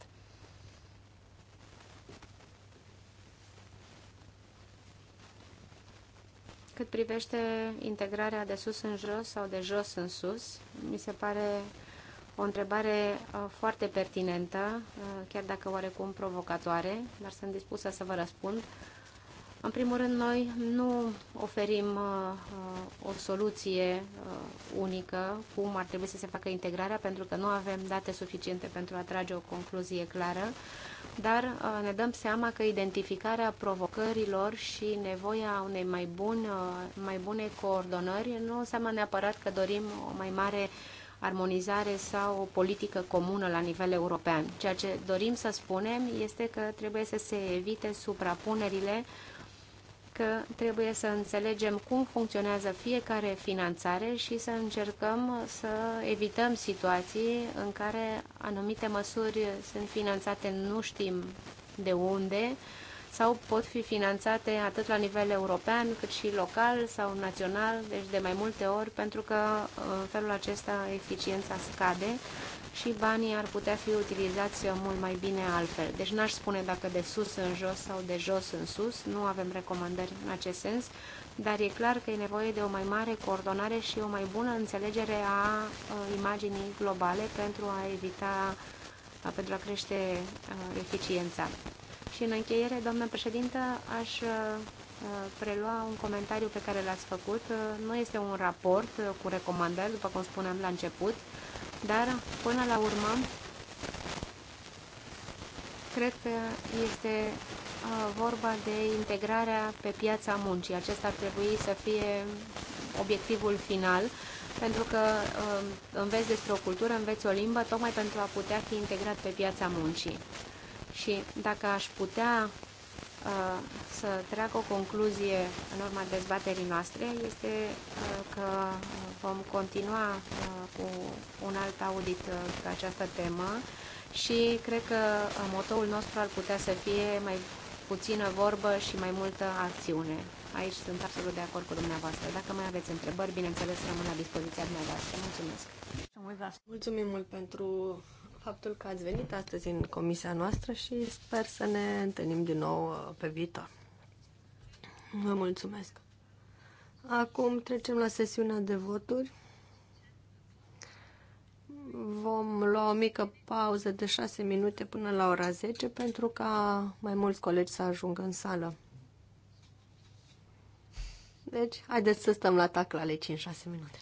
Cât privește integrarea de sus în jos sau de jos în sus, mi se pare o întrebare uh, foarte pertinentă, uh, chiar dacă oarecum provocatoare, dar sunt dispusă să vă răspund. În primul rând, noi nu oferim uh, uh, o soluție uh, unică, cum ar trebui să se facă integrarea, pentru că nu avem date suficiente pentru a trage o concluzie clară, dar uh, ne dăm seama că identificarea provocărilor și nevoia unei mai, bun, uh, mai bune coordonări nu înseamnă neapărat că dorim o mai mare armonizare sau o politică comună la nivel european. Ceea ce dorim să spunem este că trebuie să se evite suprapunerile uh, că trebuie să înțelegem cum funcționează fiecare finanțare și să încercăm să evităm situații în care anumite măsuri sunt finanțate nu știm de unde sau pot fi finanțate atât la nivel european cât și local sau național, deci de mai multe ori, pentru că în felul acesta eficiența scade și banii ar putea fi utilizați mult mai bine altfel. Deci n-aș spune dacă de sus în jos sau de jos în sus, nu avem recomandări în acest sens, dar e clar că e nevoie de o mai mare coordonare și o mai bună înțelegere a imaginii globale pentru a evita, pentru a crește eficiența. Și în încheiere, doamnă președintă, aș prelua un comentariu pe care l-ați făcut. Nu este un raport cu recomandări, după cum spuneam la început, dar, până la urmă, cred că este vorba de integrarea pe piața muncii. Acesta ar trebui să fie obiectivul final, pentru că înveți despre o cultură, înveți o limbă, tocmai pentru a putea fi integrat pe piața muncii. Și dacă aș putea Uh, să trag o concluzie în urma dezbaterii noastre este uh, că uh, vom continua cu un alt audit pe această temă și cred că motoul nostru ar putea să fie mai puțină vorbă și mai multă acțiune. Aici sunt absolut de acord cu dumneavoastră. Dacă mai aveți întrebări, bineînțeles, rămân la dispoziția dumneavoastră. Mulțumesc! Mulțumim mult pentru faptul că ați venit astăzi în comisia noastră și sper să ne întâlnim din nou uh, pe viitor. Vă mulțumesc. Acum trecem la sesiunea de voturi. Vom lua o mică pauză de 6 minute până la ora 10 pentru ca mai mulți colegi să ajungă în sală. Deci, haideți să stăm la tac la 5-6 minute.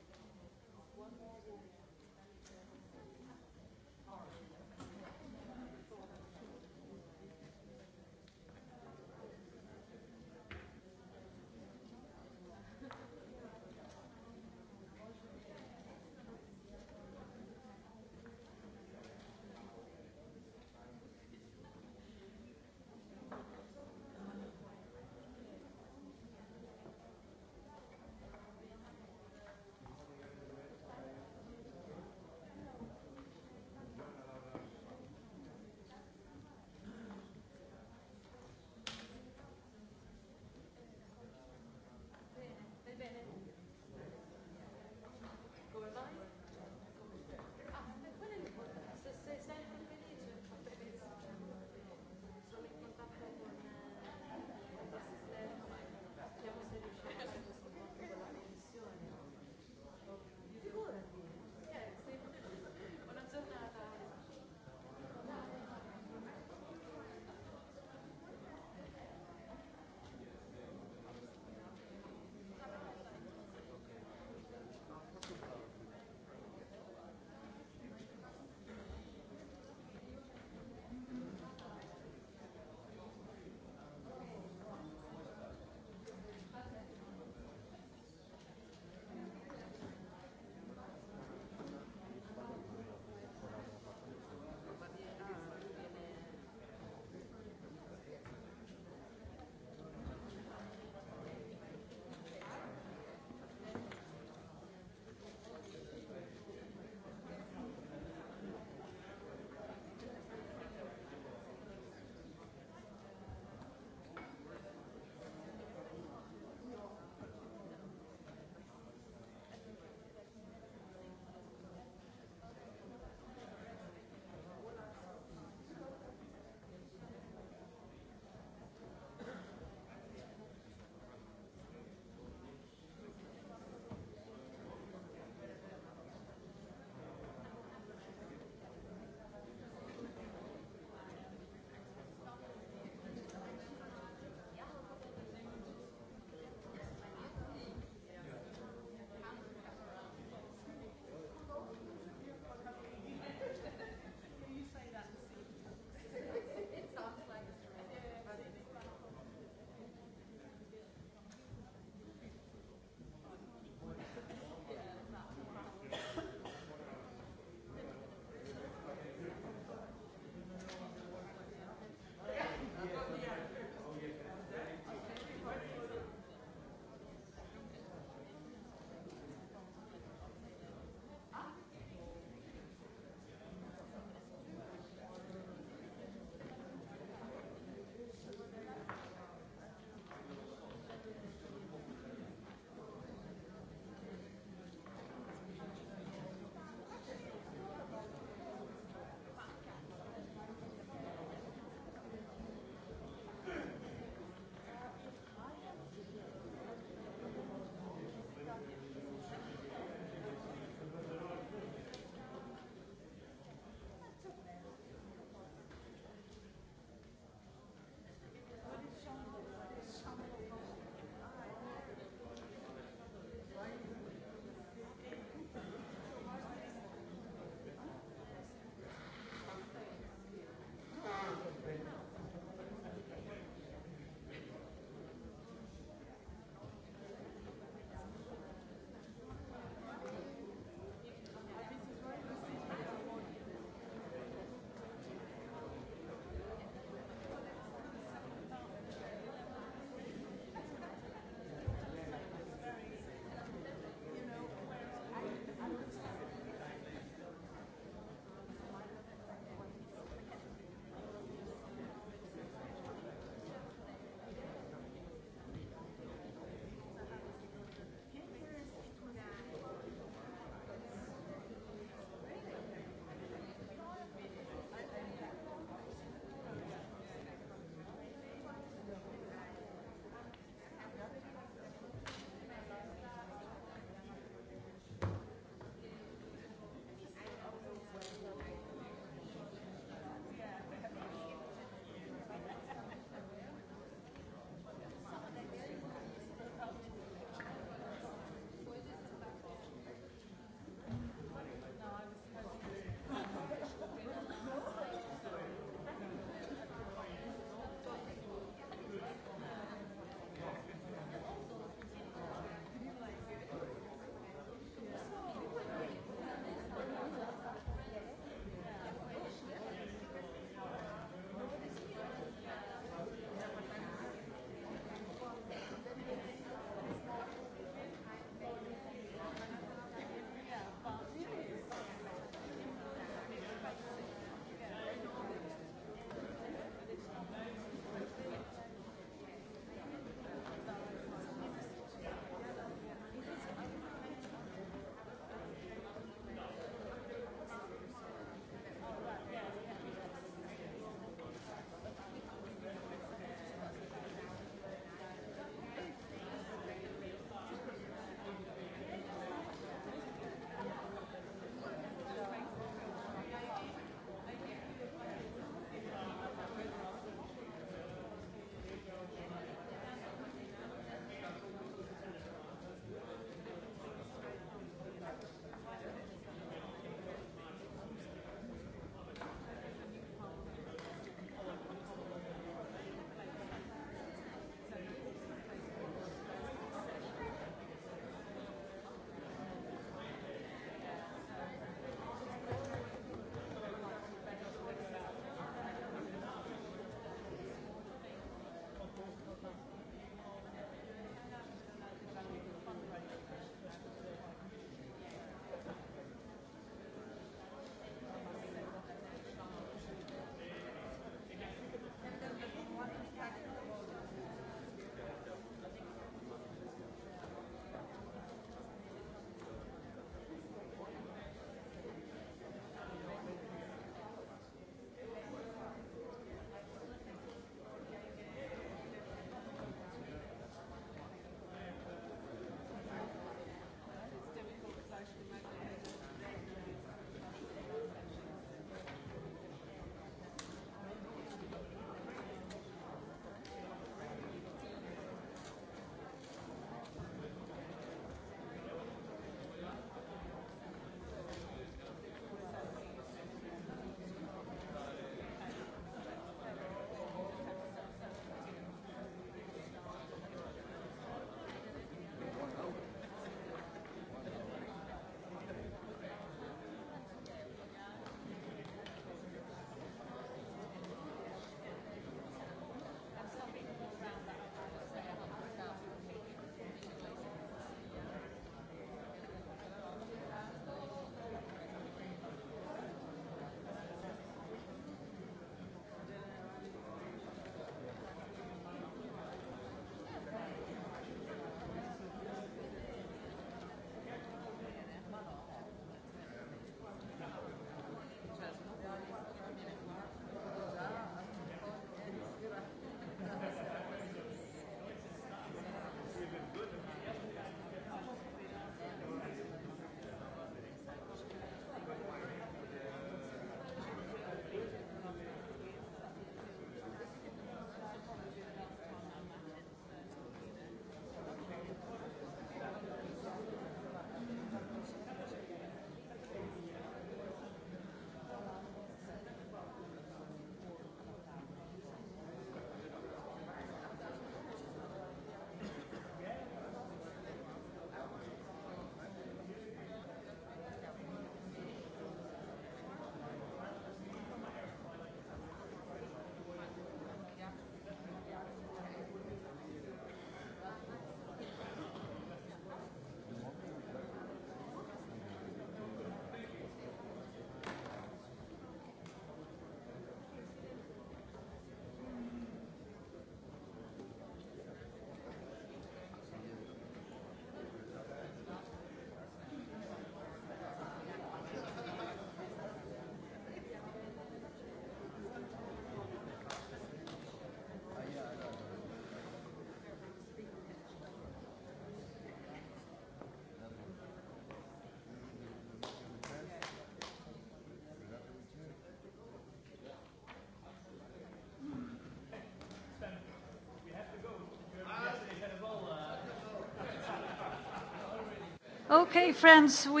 Ok, friends, we...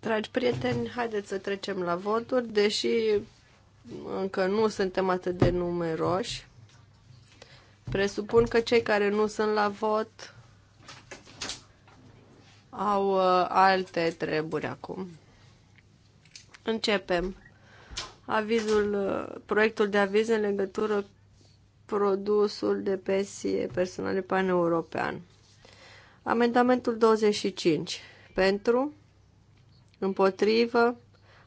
Dragi prieteni, haideți să trecem la voturi, deși încă nu suntem atât de numeroși. Presupun că cei care nu sunt la vot au uh, alte treburi acum. Începem. Avizul, uh, proiectul de aviz în legătură produsul de pensie personale pan-european. Amendamentul 25. Pentru, împotrivă,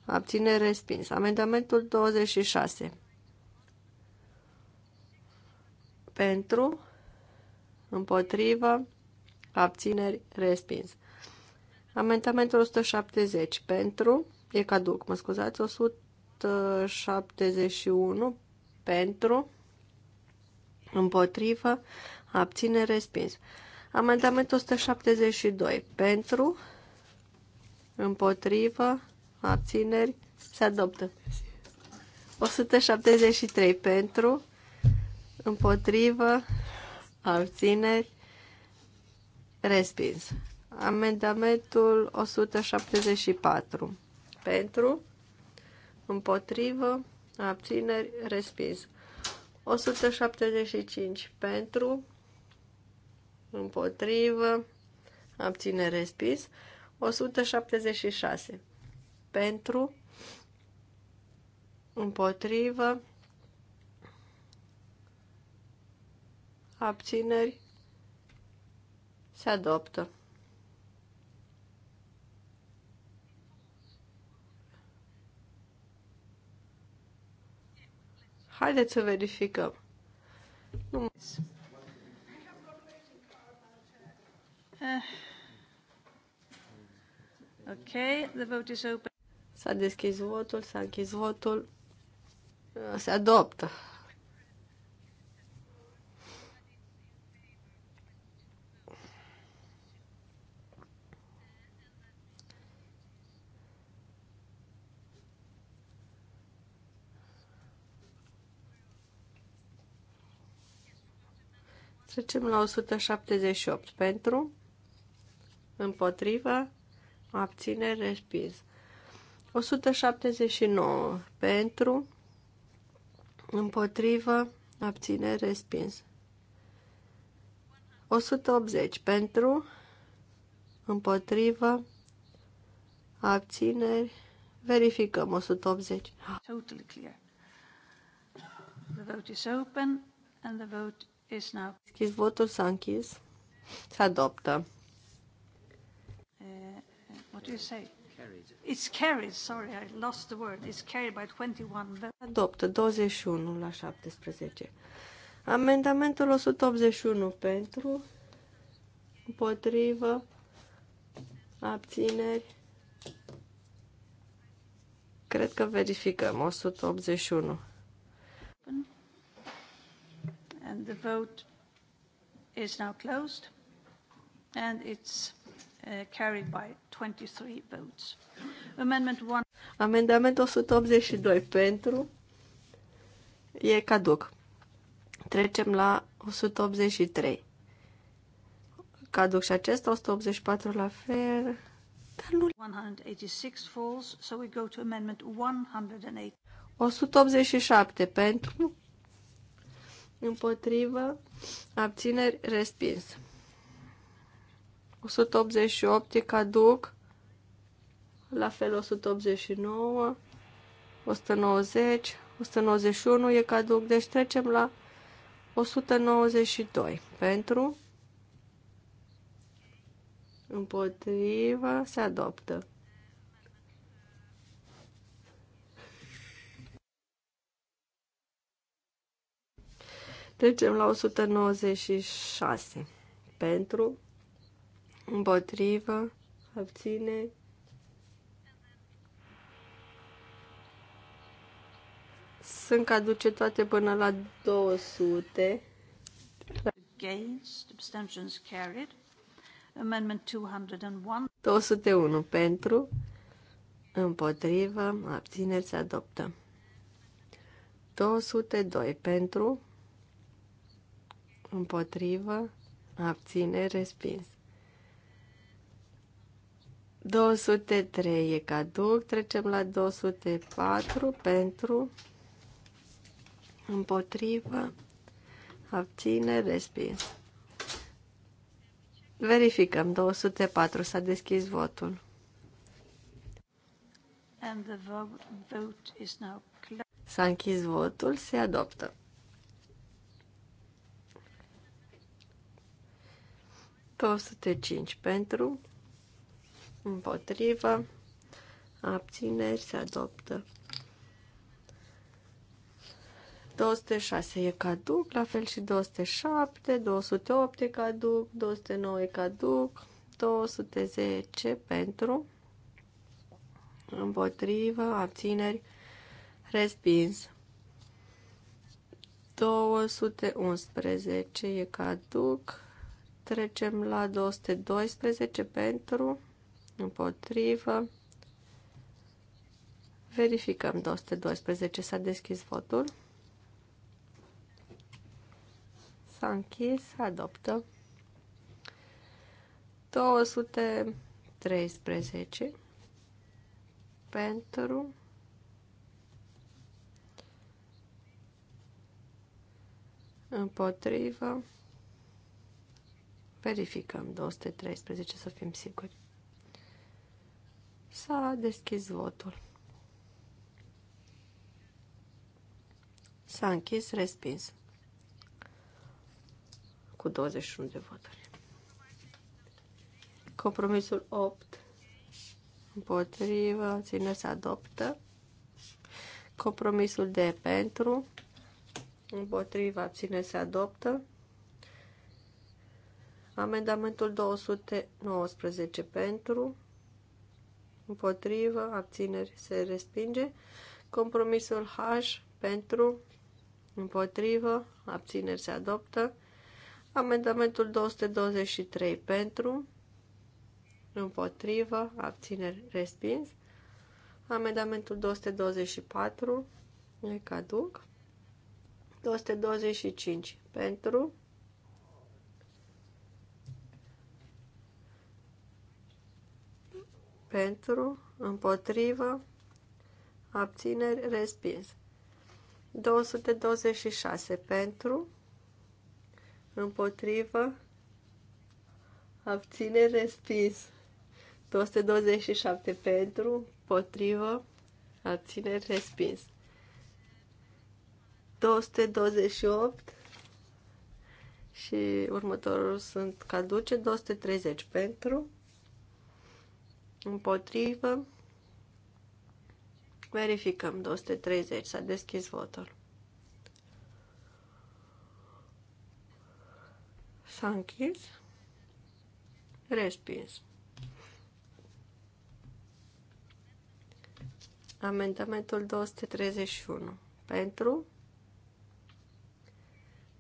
abține respins. Amendamentul 26. Pentru, împotrivă, abțineri respins. Amendamentul 170. Pentru, e caduc, mă scuzați, 171. Pentru, împotrivă, abține respins. Amendamentul 172. Pentru, împotrivă, abțineri, se adoptă. 173. Pentru, împotrivă, abțineri, respins. Amendamentul 174. Pentru, împotrivă, abțineri, respins. 175 pentru, împotrivă, abține respins. 176 pentru, împotrivă, abțineri, se adoptă. Haideți să verificăm. Nu. Eh. Okay, the vote is open. S-a deschis votul, s-a închis votul. Eh, se adoptă. Trecem la 178 pentru împotrivă, abține respins. 179 pentru, împotrivă, abține respins. 180 pentru, împotrivă, abțineri, verificăm 180. Totally clear. The vote is open and the vote is now. votul s-a închis. Se adoptă. What do you say? Carried. It's carried, sorry, I lost the word. It's carried by 21 Adoptă 21 la 17. Amendamentul 181 pentru, împotrivă, abțineri. Cred că verificăm 181. And the vote is now closed and it's Uh, carried by 23 votes. Amendment 1. Amendament 182 pentru e caduc. Trecem la 183. Caduc și acesta, 184 la fel. Dar nu... 186 falls, so we go to amendment 108. 187 pentru, împotrivă, abțineri, respins. 188 e caduc, la fel 189, 190, 191 e caduc, deci trecem la 192 pentru împotriva se adoptă. Trecem la 196 pentru împotrivă, abține. Sunt caduce toate până la 200. Against, abstentions carried. Amendment 201. 201 pentru, împotrivă, abțineri, se adoptă. 202 pentru, împotrivă, abține, respins. 203 e caduc, trecem la 204 pentru, împotrivă, abține, respins. Verificăm, 204 s-a deschis votul. S-a închis votul, se adoptă. cinci pentru, împotrivă, abțineri, se adoptă. 206 e caduc, la fel și 207, 208 e caduc, 209 e caduc, 210 pentru, împotrivă, abțineri, respins. 211 e caduc, trecem la 212 pentru, împotrivă. Verificăm 212. S-a deschis votul. S-a închis, adoptă. 213 pentru împotrivă verificăm 213 să fim siguri S-a deschis votul. S-a închis, respins. Cu 21 de voturi. Compromisul 8. Împotrivă, ține, se adoptă. Compromisul de pentru. Împotriva, ține, se adoptă. Amendamentul 219 pentru împotrivă, abțineri, se respinge. Compromisul H pentru, împotrivă, abțineri, se adoptă. Amendamentul 223 pentru, împotrivă, abțineri, respins. Amendamentul 224 e caduc. 225 pentru, pentru, împotrivă, abțineri, respins. 226 pentru, împotrivă, abțineri, respins. 227 pentru, împotrivă, abțineri, respins. 228 și următorul sunt caduce, 230 pentru, Împotrivă. Verificăm. 230. S-a deschis votul. S-a închis. Respins. Amendamentul 231. Pentru.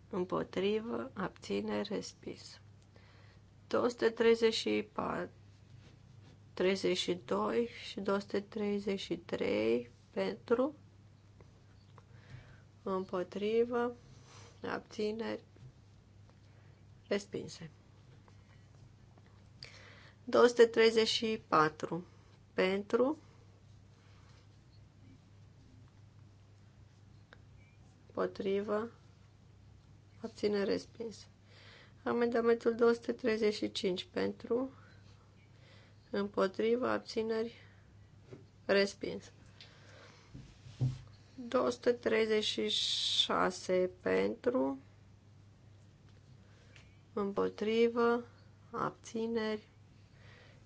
Împotrivă. Abține. Respins. 234 232 și 233 pentru, împotrivă, abțineri, respinse. 234 pentru, împotrivă, abțineri, respinse. Amendamentul 235 pentru, împotriva, abțineri, respins. 236 pentru, împotrivă, abțineri.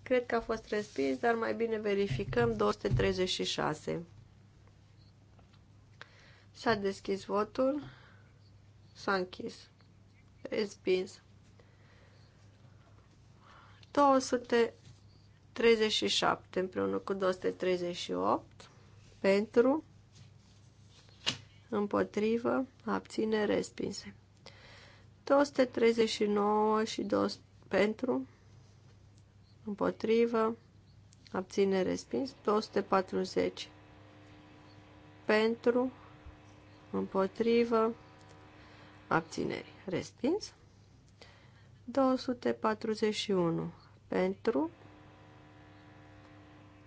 Cred că a fost respins, dar mai bine verificăm. 236. S-a deschis votul, s-a închis. Respins. 200 37 împreună cu 238 pentru, împotrivă, abține, respinse. 239 și 2 pentru, împotrivă, abține, respins. 240 pentru, împotrivă, abțineri, respins. 241 pentru,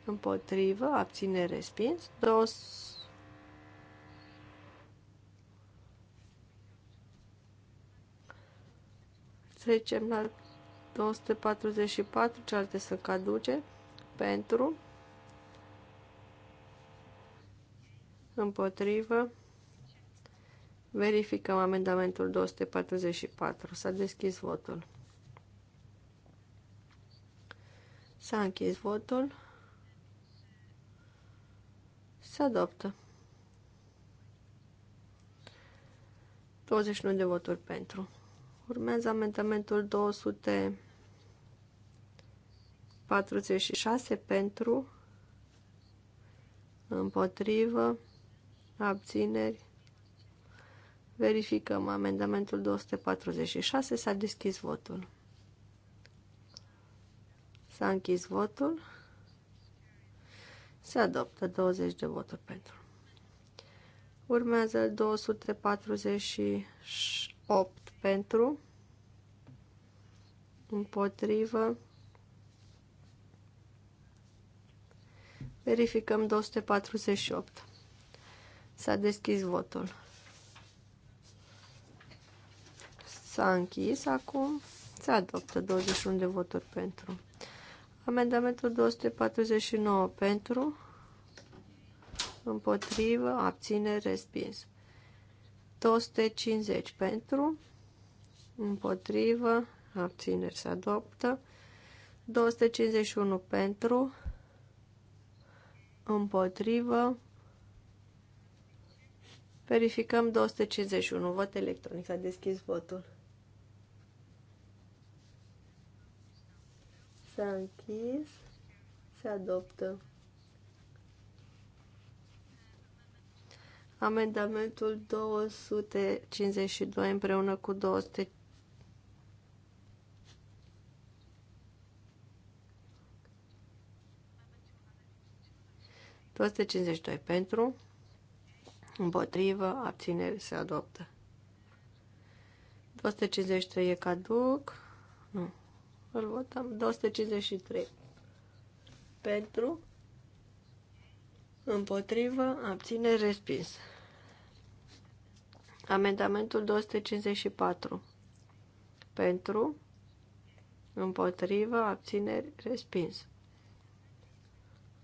împotrivă, abține respins, dos. Trecem la 244, cealaltă să caduce, pentru, împotrivă, verificăm amendamentul 244, s-a deschis votul. S-a închis votul. Se adoptă. 21 de voturi pentru. Urmează amendamentul 246 pentru, împotrivă, abțineri. Verificăm amendamentul 246. S-a deschis votul. S-a închis votul. Se adoptă 20 de voturi pentru. Urmează 248 pentru. Împotrivă. Verificăm 248. S-a deschis votul. S-a închis acum. Se adoptă 21 de voturi pentru. Amendamentul 249 pentru, împotrivă, abține, respins. 250 pentru, împotrivă, abțineri se adoptă. 251 pentru, împotrivă, verificăm 251, vot electronic, s-a deschis votul. S-a închis. Se adoptă. Amendamentul 252 împreună cu 200 252 pentru, împotrivă, abțineri se adoptă. 253 e caduc, nu, îl votăm. 253. Pentru, împotrivă, abține, respins. Amendamentul 254. Pentru, împotrivă, abține, respins.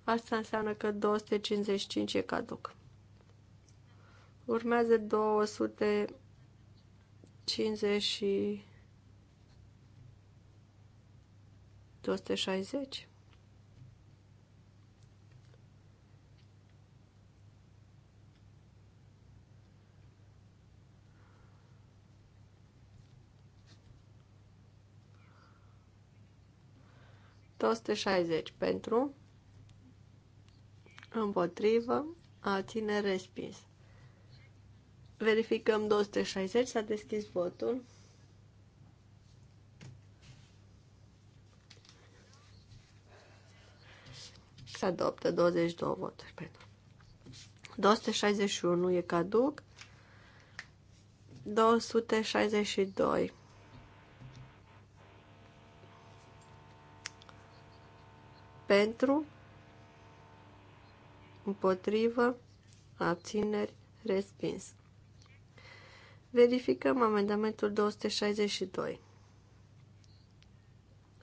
Asta înseamnă că 255 e caduc. Urmează 250 260. pentru, împotrivă, ține respins. Verificăm 260, s-a deschis votul. Se adoptă 22 voturi pentru. 261 e caduc. 262. Pentru, împotrivă, abțineri, respins. Verificăm amendamentul 262.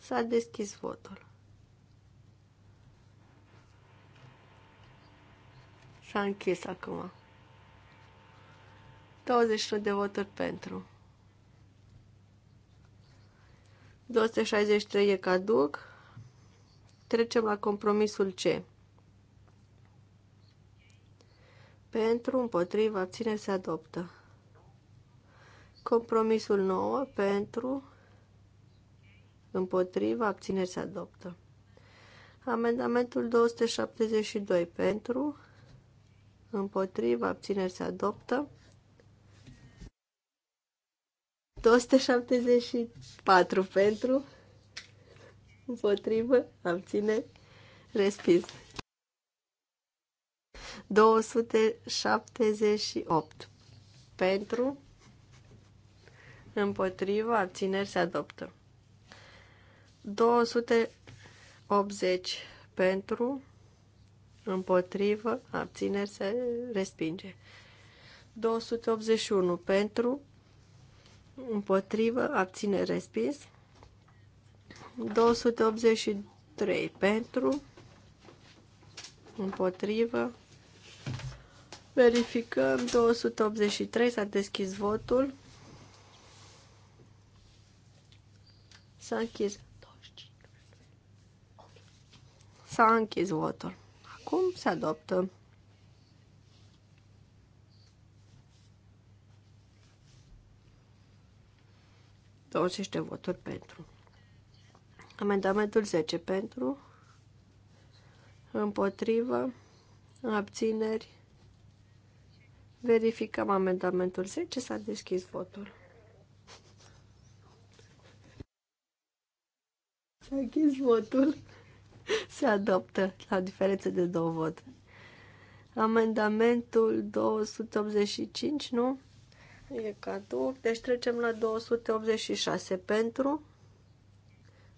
S-a deschis votul. S-a închis acum. 21 de voturi pentru. 263 e caduc. Trecem la compromisul C. Pentru, împotriva, abține, se adoptă. Compromisul 9, pentru, împotriva, abține, se adoptă. Amendamentul 272, pentru, împotriva, abțineri se adoptă. 274 pentru, împotrivă, abține, respins. 278 pentru, împotrivă, abțineri se adoptă. 280 pentru, împotrivă, abțineri se respinge. 281 pentru, împotrivă, abțineri respins. 283 pentru, împotrivă. Verificăm 283, s-a deschis votul. S-a închis. S-a închis votul. Cum se adoptă. Douăzeci de voturi pentru. Amendamentul 10 pentru. Împotrivă. Abțineri. Verificăm amendamentul 10. S-a deschis votul. S-a deschis votul. *laughs* se adoptă la diferență de două voturi. Amendamentul 285, nu? E caduc. Deci trecem la 286 pentru,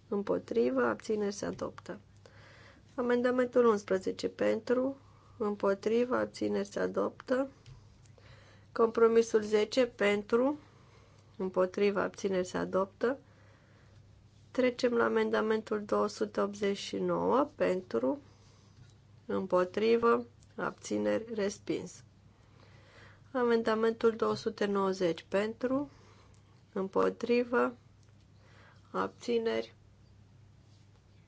împotrivă, abține, se adoptă. Amendamentul 11 pentru, împotrivă, abține, se adoptă. Compromisul 10 pentru, împotrivă, abține, se adoptă. Trecem la amendamentul 289 pentru, împotrivă, abțineri, respins. Amendamentul 290 pentru, împotrivă, abțineri,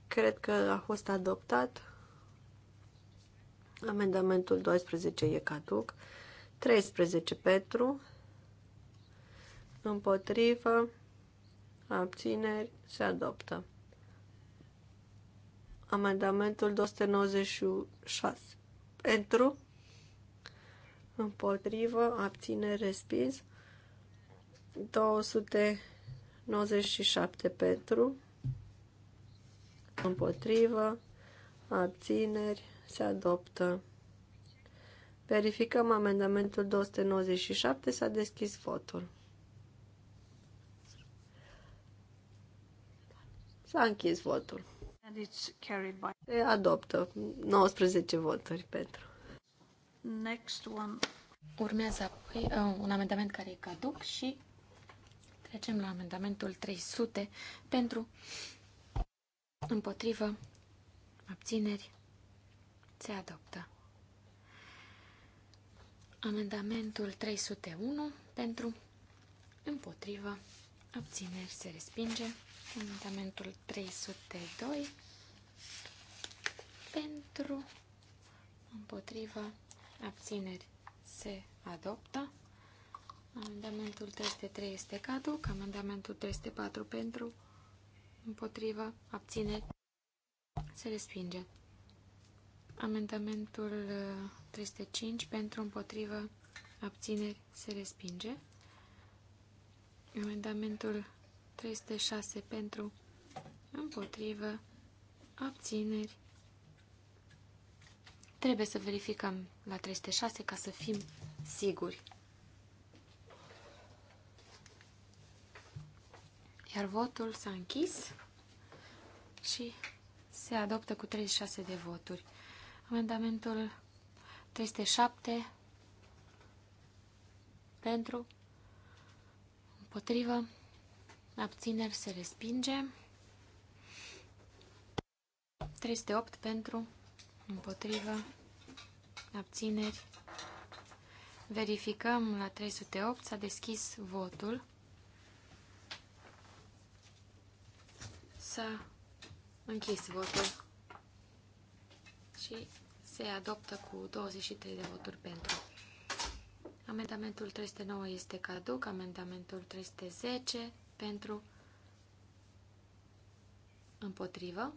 cred că a fost adoptat. Amendamentul 12 e caduc. 13 pentru, împotrivă, abțineri, se adoptă. Amendamentul 296. Pentru, împotrivă, abțineri, respins. 297 pentru, împotrivă, abțineri, se adoptă. Verificăm amendamentul 297, s-a deschis votul. S-a închis votul. And it's carried by... Se adoptă 19 voturi pentru. Next one. Urmează apoi uh, un amendament care e caduc și trecem la amendamentul 300 pentru împotrivă abțineri se adoptă. Amendamentul 301 pentru împotrivă abțineri se respinge. Amendamentul 302 pentru, împotriva, abțineri se adoptă. Amendamentul 303 este caduc, amendamentul 304 pentru, împotriva, abțineri se respinge. Amendamentul 305 pentru, împotriva, abțineri se respinge. Amendamentul 306 pentru, împotrivă, abțineri. Trebuie să verificăm la 306 ca să fim siguri. Iar votul s-a închis și se adoptă cu 36 de voturi. Amendamentul 307 pentru, împotrivă, abțineri se respinge. 308 pentru, împotrivă, abțineri. Verificăm la 308, s-a deschis votul. S-a închis votul și se adoptă cu 23 de voturi pentru. Amendamentul 309 este caduc, amendamentul 310 pentru împotrivă,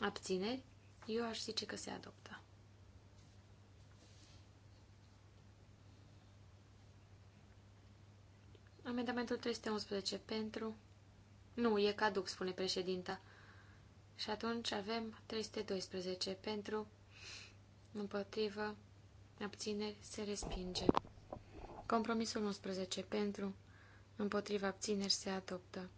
abțineri, eu aș zice că se adoptă. Amendamentul 311 pentru... Nu, e caduc, spune președinta. Și atunci avem 312 pentru... Împotrivă, abțineri, se respinge. Compromisul 11 pentru... Împotriva abțineri se adoptă.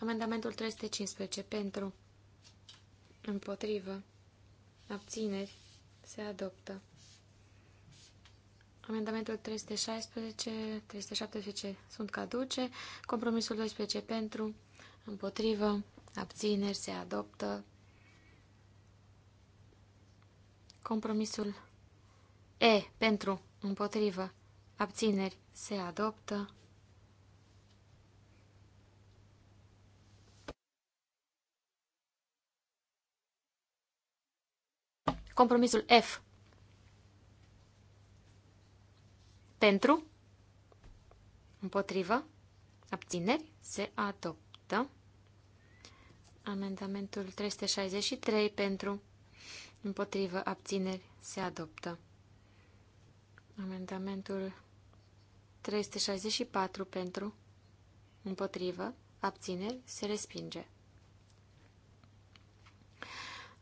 Amendamentul 315 pentru. Împotrivă. Abțineri se adoptă. Amendamentul 316, 317 sunt caduce. Compromisul 12 pentru. Împotrivă. Abțineri se adoptă. Compromisul E pentru. Împotrivă abțineri, se adoptă. Compromisul F. Pentru, împotrivă, abțineri, se adoptă. Amendamentul 363 pentru, împotrivă, abțineri, se adoptă. Amendamentul 364 pentru, împotrivă, abțineri, se respinge.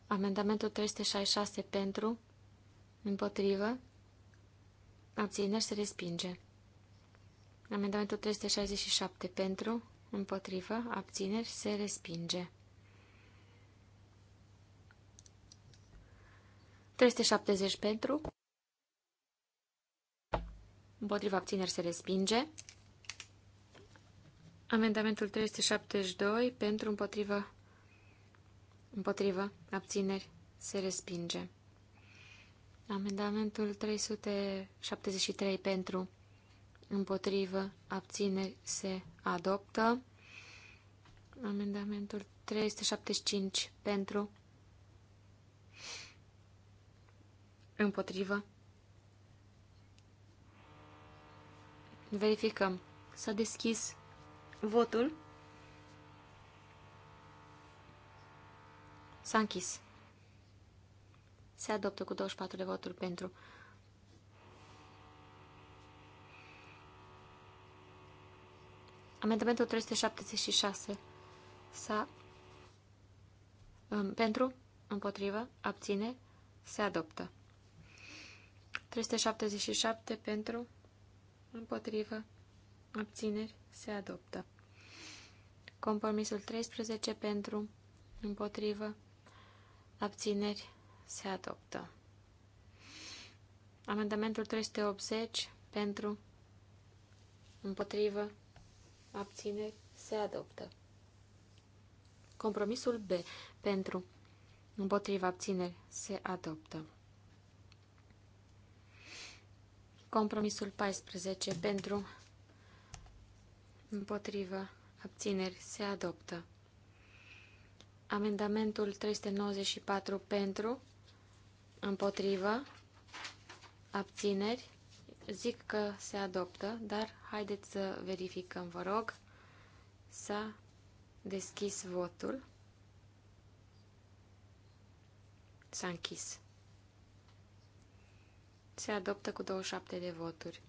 Amendamentul 366 pentru, împotrivă, abțineri, se respinge. Amendamentul 367 pentru, împotrivă, abțineri, se respinge. 370 pentru, împotriva abțineri se respinge. Amendamentul 372 pentru împotrivă, împotrivă abțineri se respinge. Amendamentul 373 pentru împotrivă abțineri se adoptă. Amendamentul 375 pentru împotrivă Verificăm. S-a deschis votul. S-a închis. Se adoptă cu 24 de voturi pentru. Amendamentul 376 s-a um, pentru, împotrivă, abține, se adoptă. 377 pentru, împotrivă, abțineri, se adoptă. Compromisul 13 pentru, împotrivă, abțineri, se adoptă. Amendamentul 380 pentru, împotrivă, abțineri, se adoptă. Compromisul B pentru, împotrivă, abțineri, se adoptă. Compromisul 14 pentru împotrivă abțineri se adoptă. Amendamentul 394 pentru împotrivă abțineri zic că se adoptă, dar haideți să verificăm, vă rog. S-a deschis votul. S-a închis. Se adoptă cu 27 de voturi.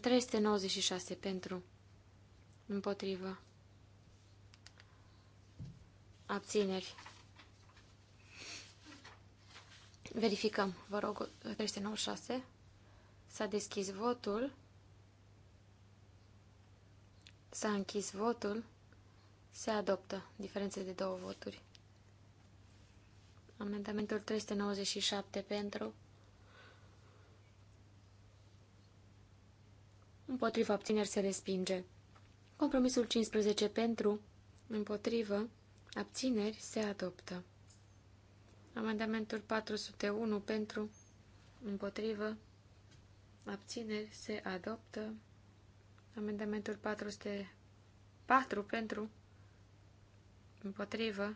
396 pentru. Împotrivă. Abțineri. Verificăm, vă rog, 396. S-a deschis votul. S-a închis votul. Se adoptă diferențe de două voturi. Amendamentul 397 pentru. Împotriva abțineri se respinge. Compromisul 15 pentru. Împotrivă. Abțineri se adoptă. Amendamentul 401 pentru. Împotrivă. Abțineri se adoptă. Amendamentul 404 pentru. Împotrivă.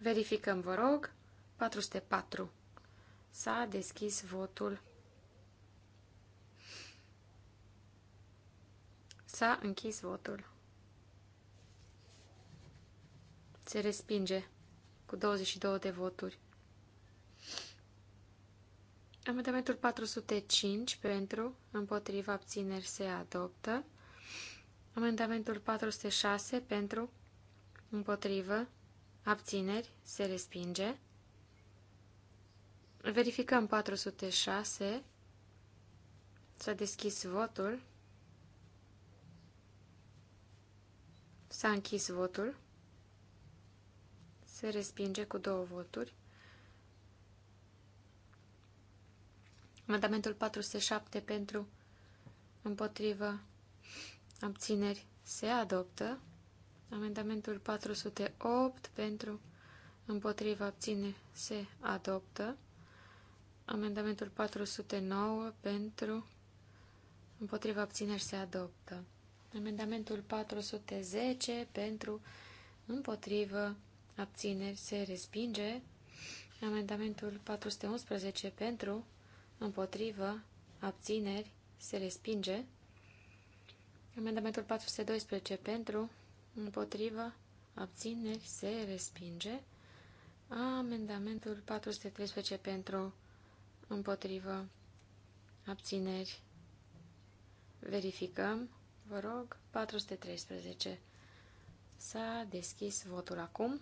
Verificăm, vă rog. 404. S-a deschis votul. S-a închis votul. Se respinge cu 22 de voturi. Amendamentul 405 pentru, împotriva abțineri se adoptă. Amendamentul 406 pentru, împotrivă abțineri, se respinge. Verificăm 406. S-a deschis votul. S-a închis votul. Se respinge cu două voturi. Amendamentul 407 pentru împotrivă abțineri se adoptă. Amendamentul 408 pentru împotriva abține se adoptă. Amendamentul 409 pentru împotriva abțineri se adoptă. Amendamentul 410 pentru împotrivă abțineri se respinge. Amendamentul 411 pentru împotrivă abțineri se respinge. Amendamentul 412 pentru împotrivă, abțineri, se respinge. Amendamentul 413 pentru, împotrivă, abțineri, verificăm, vă rog, 413. S-a deschis votul acum.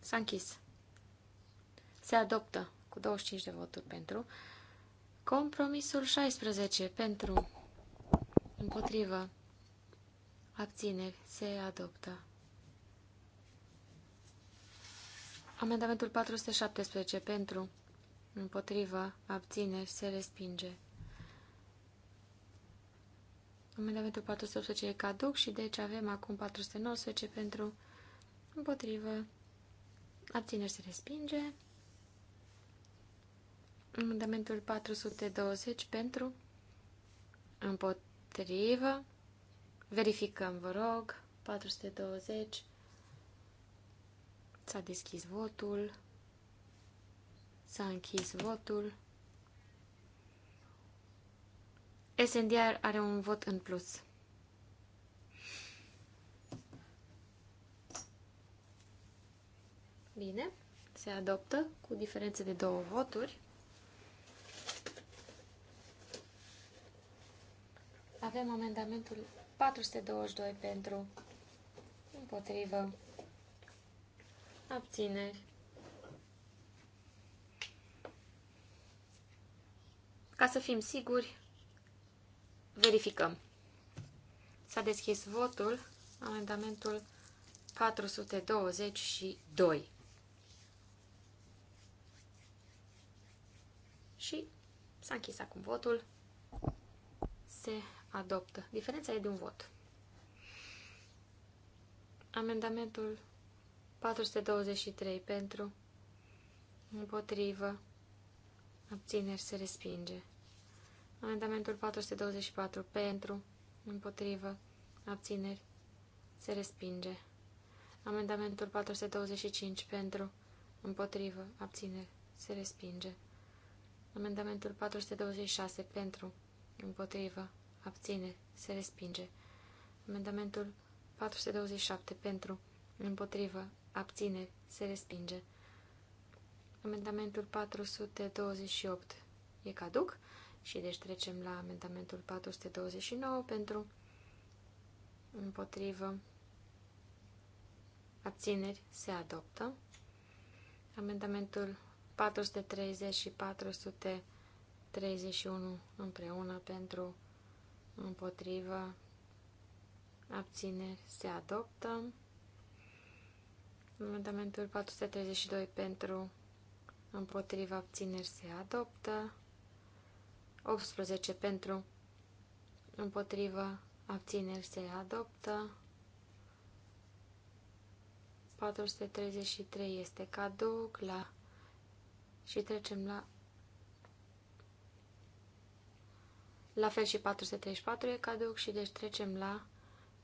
S-a închis. Se adoptă cu 25 de voturi pentru. Compromisul 16 pentru Împotrivă. Abțineri. Se adoptă. Amendamentul 417 pentru. Împotrivă. Abțineri. Se respinge. Amendamentul 418 e caduc și deci avem acum 419 pentru. Împotrivă. Abțineri. Se respinge. Amendamentul 420 pentru. Împotrivă potrivă. Verificăm, vă rog. 420. S-a deschis votul. S-a închis votul. SNDR are un vot în plus. Bine, se adoptă cu diferență de două voturi. Avem amendamentul 422 pentru, împotrivă, abțineri. Ca să fim siguri, verificăm. S-a deschis votul, amendamentul 422. Și s-a închis acum votul. Se adoptă. Diferența e de un vot. Amendamentul 423 pentru, împotrivă, abțineri se respinge. Amendamentul 424 pentru, împotrivă, abțineri se respinge. Amendamentul 425 pentru, împotrivă, abțineri se respinge. Amendamentul 426 pentru, împotrivă, abține, se respinge. Amendamentul 427 pentru, împotrivă, abține, se respinge. Amendamentul 428 e caduc și deci trecem la amendamentul 429 pentru, împotrivă, abțineri, se adoptă. Amendamentul 430 și 431 împreună pentru împotrivă, abțineri, se adoptă. Amendamentul 432 pentru, împotrivă, abțineri, se adoptă. 18 pentru, împotrivă, abțineri, se adoptă. 433 este caduc la și trecem la La fel și 434 e caduc și deci trecem la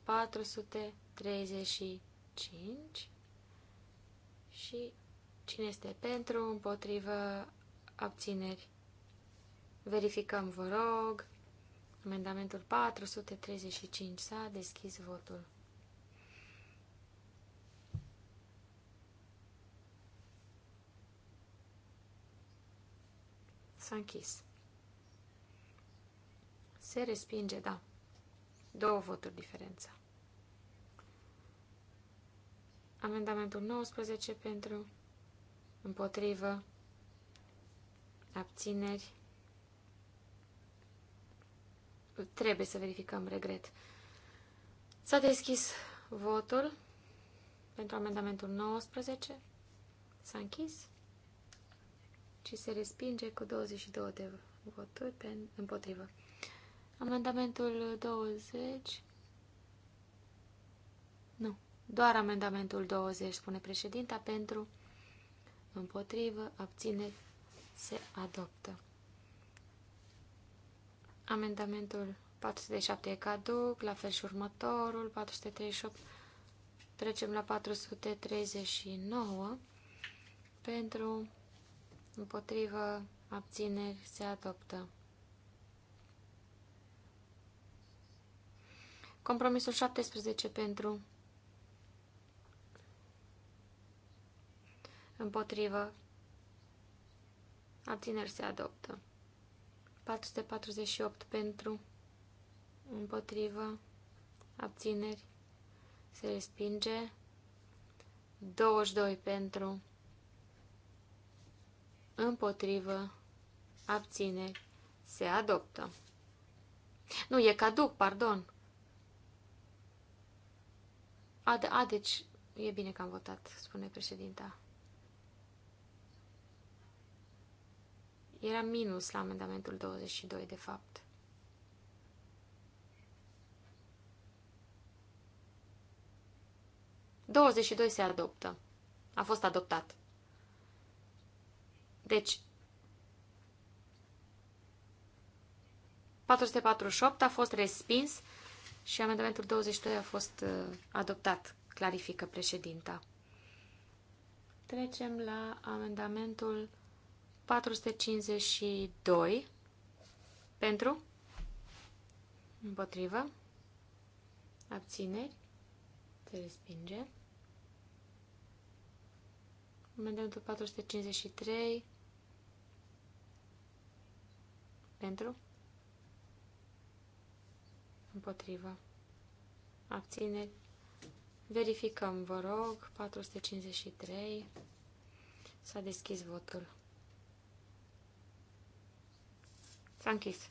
435. Și cine este pentru, împotrivă, abțineri. Verificăm, vă rog. Amendamentul 435 s-a deschis votul. S-a închis. Se respinge, da. Două voturi diferență. Amendamentul 19 pentru, împotrivă, abțineri. Trebuie să verificăm, regret. S-a deschis votul pentru amendamentul 19. S-a închis și se respinge cu 22 de voturi pe, împotrivă. Amendamentul 20... Nu, doar amendamentul 20, spune președinta, pentru, împotrivă, abține se adoptă. Amendamentul 47 e caduc, la fel și următorul, 438, trecem la 439, pentru, împotrivă, abțineri, se adoptă. Compromisul 17 pentru împotrivă abțineri se adoptă. 448 pentru împotrivă abțineri se respinge. 22 pentru împotrivă abțineri se adoptă. Nu, e caduc, pardon. A, a, deci e bine că am votat, spune președinta. Era minus la amendamentul 22, de fapt. Douăzeci și doi se adoptă. A fost adoptat. Deci, 448 a fost respins, și amendamentul 22 a fost uh, adoptat, clarifică președinta. Trecem la amendamentul 452 pentru, împotrivă, abțineri, se respinge. Amendamentul 453 pentru, împotrivă, abțineri. Verificăm, vă rog, 453. S-a deschis votul. S-a închis.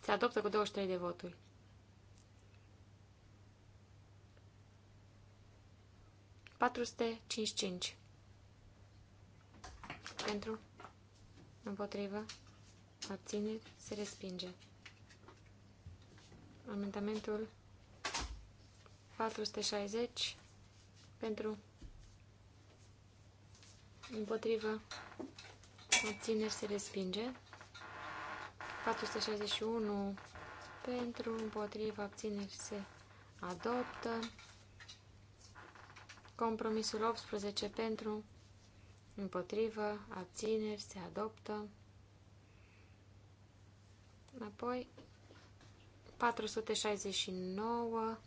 Se adoptă cu 23 de voturi. Patruste cinci cinci. Pentru. Împotrivă abțineri, se respinge. Amendamentul 460 pentru împotrivă abțineri se respinge 461 pentru împotrivă abțineri se adoptă compromisul 18 pentru împotrivă abțineri se adoptă Apoi 469.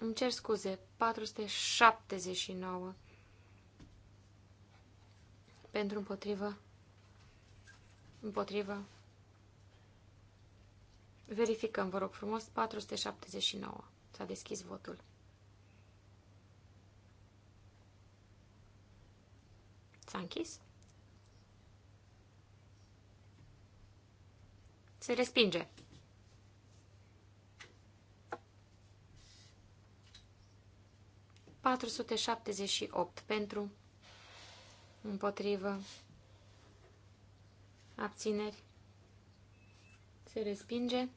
Îmi cer scuze, 479. Pentru împotrivă. Împotrivă. Verificăm, vă rog frumos, 479. S-a deschis votul. S-a închis? Se respinge. opt pentru, împotrivă, abțineri, se respinge.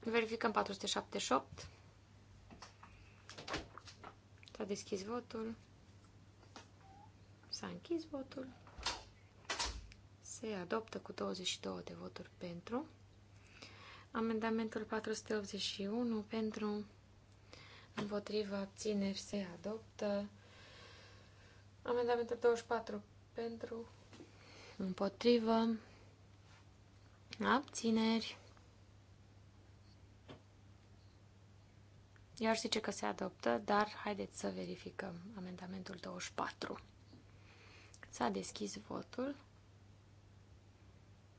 Verificăm 478. S-a deschis votul. S-a închis votul. Se adoptă cu 22 de voturi pentru. Amendamentul 481 pentru împotriva abțineri se adoptă. Amendamentul 24 pentru împotrivă abțineri. Eu aș zice că se adoptă, dar haideți să verificăm amendamentul 24. S-a deschis votul.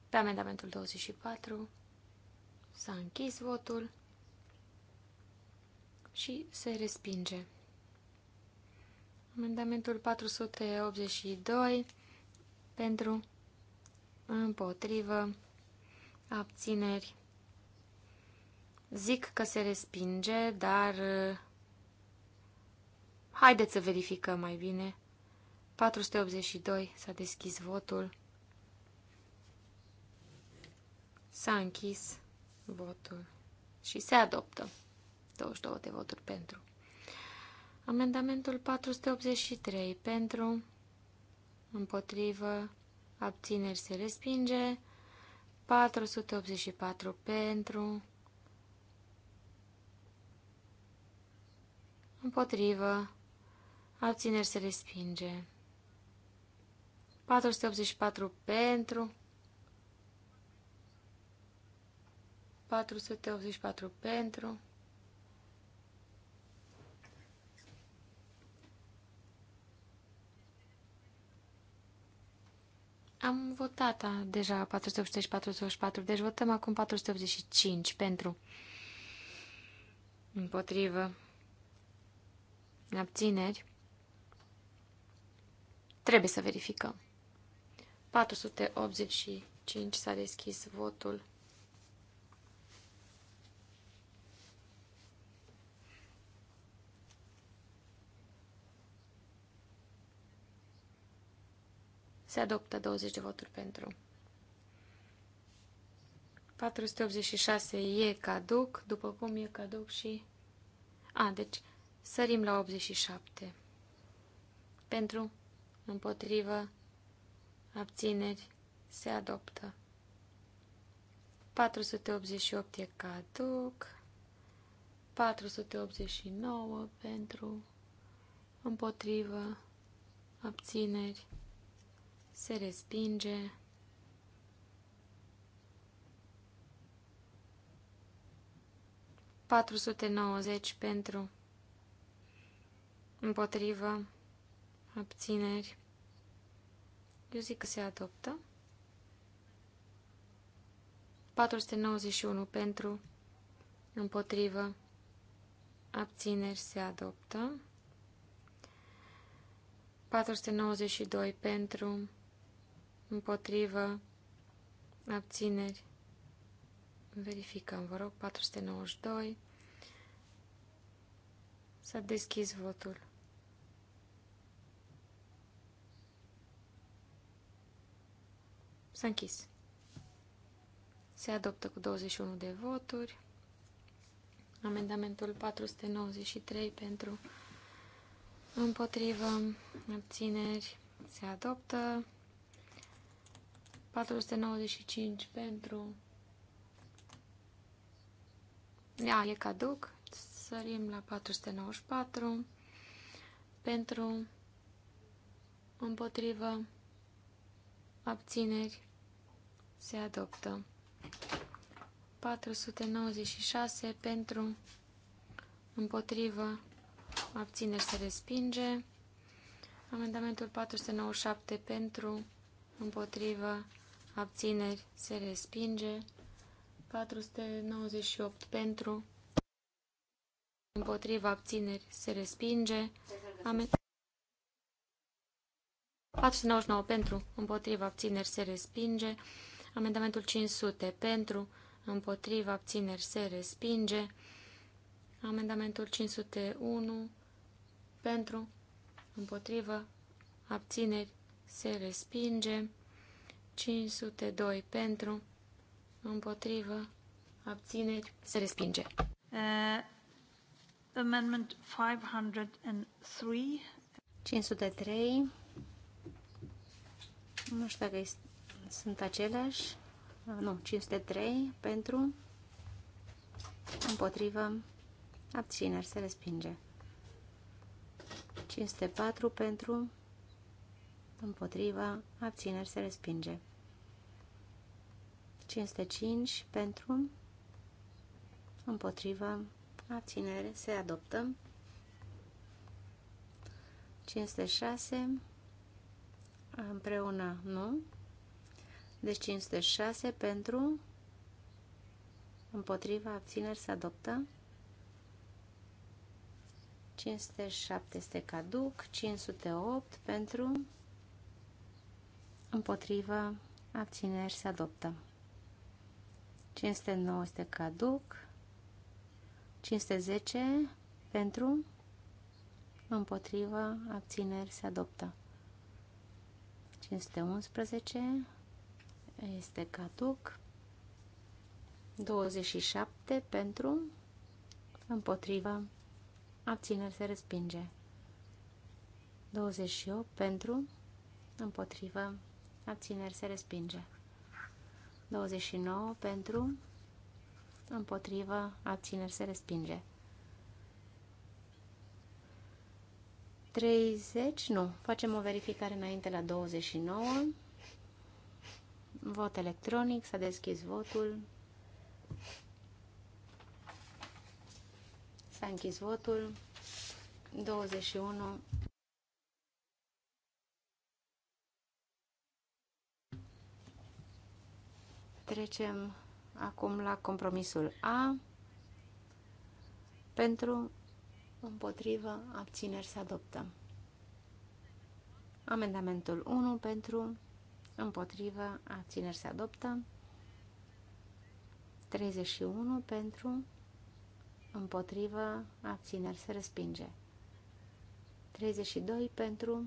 Pe amendamentul 24 s-a închis votul și se respinge. Amendamentul 482 pentru împotrivă abțineri. Zic că se respinge, dar haideți să verificăm mai bine. 482 s-a deschis votul. S-a închis votul și se adoptă. 22 de voturi pentru. Amendamentul 483 pentru, împotrivă, abțineri se respinge, 484 pentru, împotrivă, abțineri se respinge, 484 pentru, 484 pentru. Am votat deja 484, deci votăm acum 485 pentru. Împotrivă. Abțineri. Trebuie să verificăm. 485 s-a deschis votul. Se adoptă 20 de voturi pentru. 486 e caduc, după cum e caduc și... A, deci sărim la 87. Pentru, împotrivă, abțineri, se adoptă. 488 e caduc, 489 pentru, împotrivă, abțineri, se respinge. Patru sute nouăzeci pentru împotrivă abțineri. Eu zic că se adoptă. 491 pentru împotrivă abțineri se adoptă. 492 pentru împotrivă, abțineri, verificăm, vă rog, 492, s-a deschis votul. S-a închis. Se adoptă cu 21 de voturi. Amendamentul 493 pentru împotrivă abțineri se adoptă. 495 pentru... Ia, e caduc. Sărim la 494 pentru împotrivă abțineri se adoptă. 496 pentru împotrivă abțineri se respinge. Amendamentul 497 pentru împotrivă abțineri, se respinge. 498 pentru, împotriva, abțineri, se respinge. Amen. 499 pentru, împotriva, abțineri, se respinge. Amendamentul 500 pentru, împotriva, abțineri, se respinge. Amendamentul 501 pentru, împotriva. abțineri, se respinge. 502 pentru, împotrivă, abțineri, se respinge. Uh, amendment 503. 503. Nu știu dacă sunt aceleași. Uh, nu, 503 pentru, împotrivă, abțineri, se respinge. 504 pentru, împotriva, abțineri se respinge. 505 pentru, împotriva abținere, se adoptă. 506 împreună, nu? Deci 506 pentru, împotriva, abțineri, se adoptă. 507 este caduc, 508 pentru, împotriva, abțineri, se adoptă. 509 este caduc. 510 pentru, împotrivă, abțineri se adoptă. 511 este caduc. 27 pentru, împotrivă, abțineri se respinge. 28 pentru, împotrivă, abțineri se respinge. 29 pentru, împotrivă, abțineri se respinge. 30, nu, facem o verificare înainte la 29. Vot electronic, s-a deschis votul. S-a închis votul. 21 Trecem acum la compromisul A. Pentru, împotrivă, abțineri să adoptăm. Amendamentul 1 pentru, împotrivă, abțineri să adoptăm. 31 pentru, împotrivă, abțineri să respinge. 32 pentru,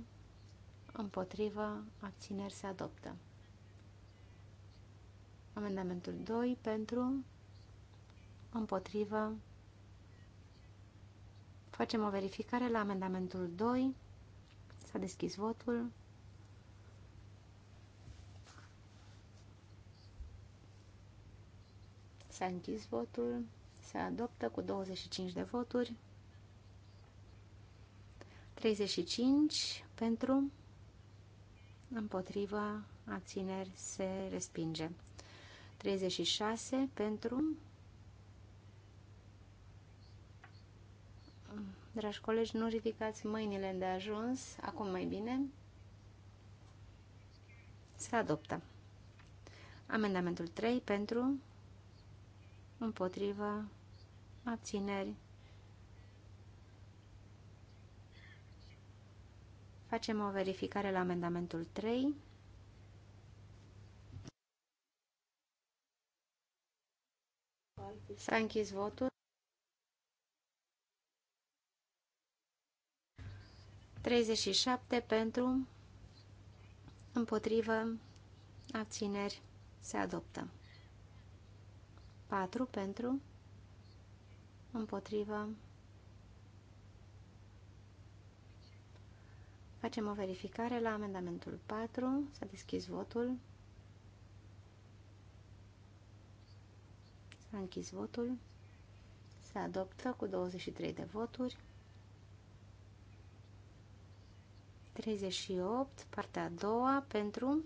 împotrivă, abțineri să adoptăm. Amendamentul 2 pentru, împotrivă. Facem o verificare la amendamentul 2. S-a deschis votul. S-a închis votul. Se adoptă cu 25 de voturi. 35 pentru, împotriva, abțineri, se respinge. 36 pentru... Dragi colegi, nu ridicați mâinile de ajuns. Acum mai bine. Se adoptă. Amendamentul 3 pentru... Împotrivă. Abțineri. Facem o verificare la amendamentul 3. S-a închis votul. 37 pentru, împotrivă, abțineri, se adoptă. 4 pentru, împotrivă, facem o verificare la amendamentul 4, s-a deschis votul. S-a închis votul. Se adoptă cu 23 de voturi. 38, partea a doua, pentru,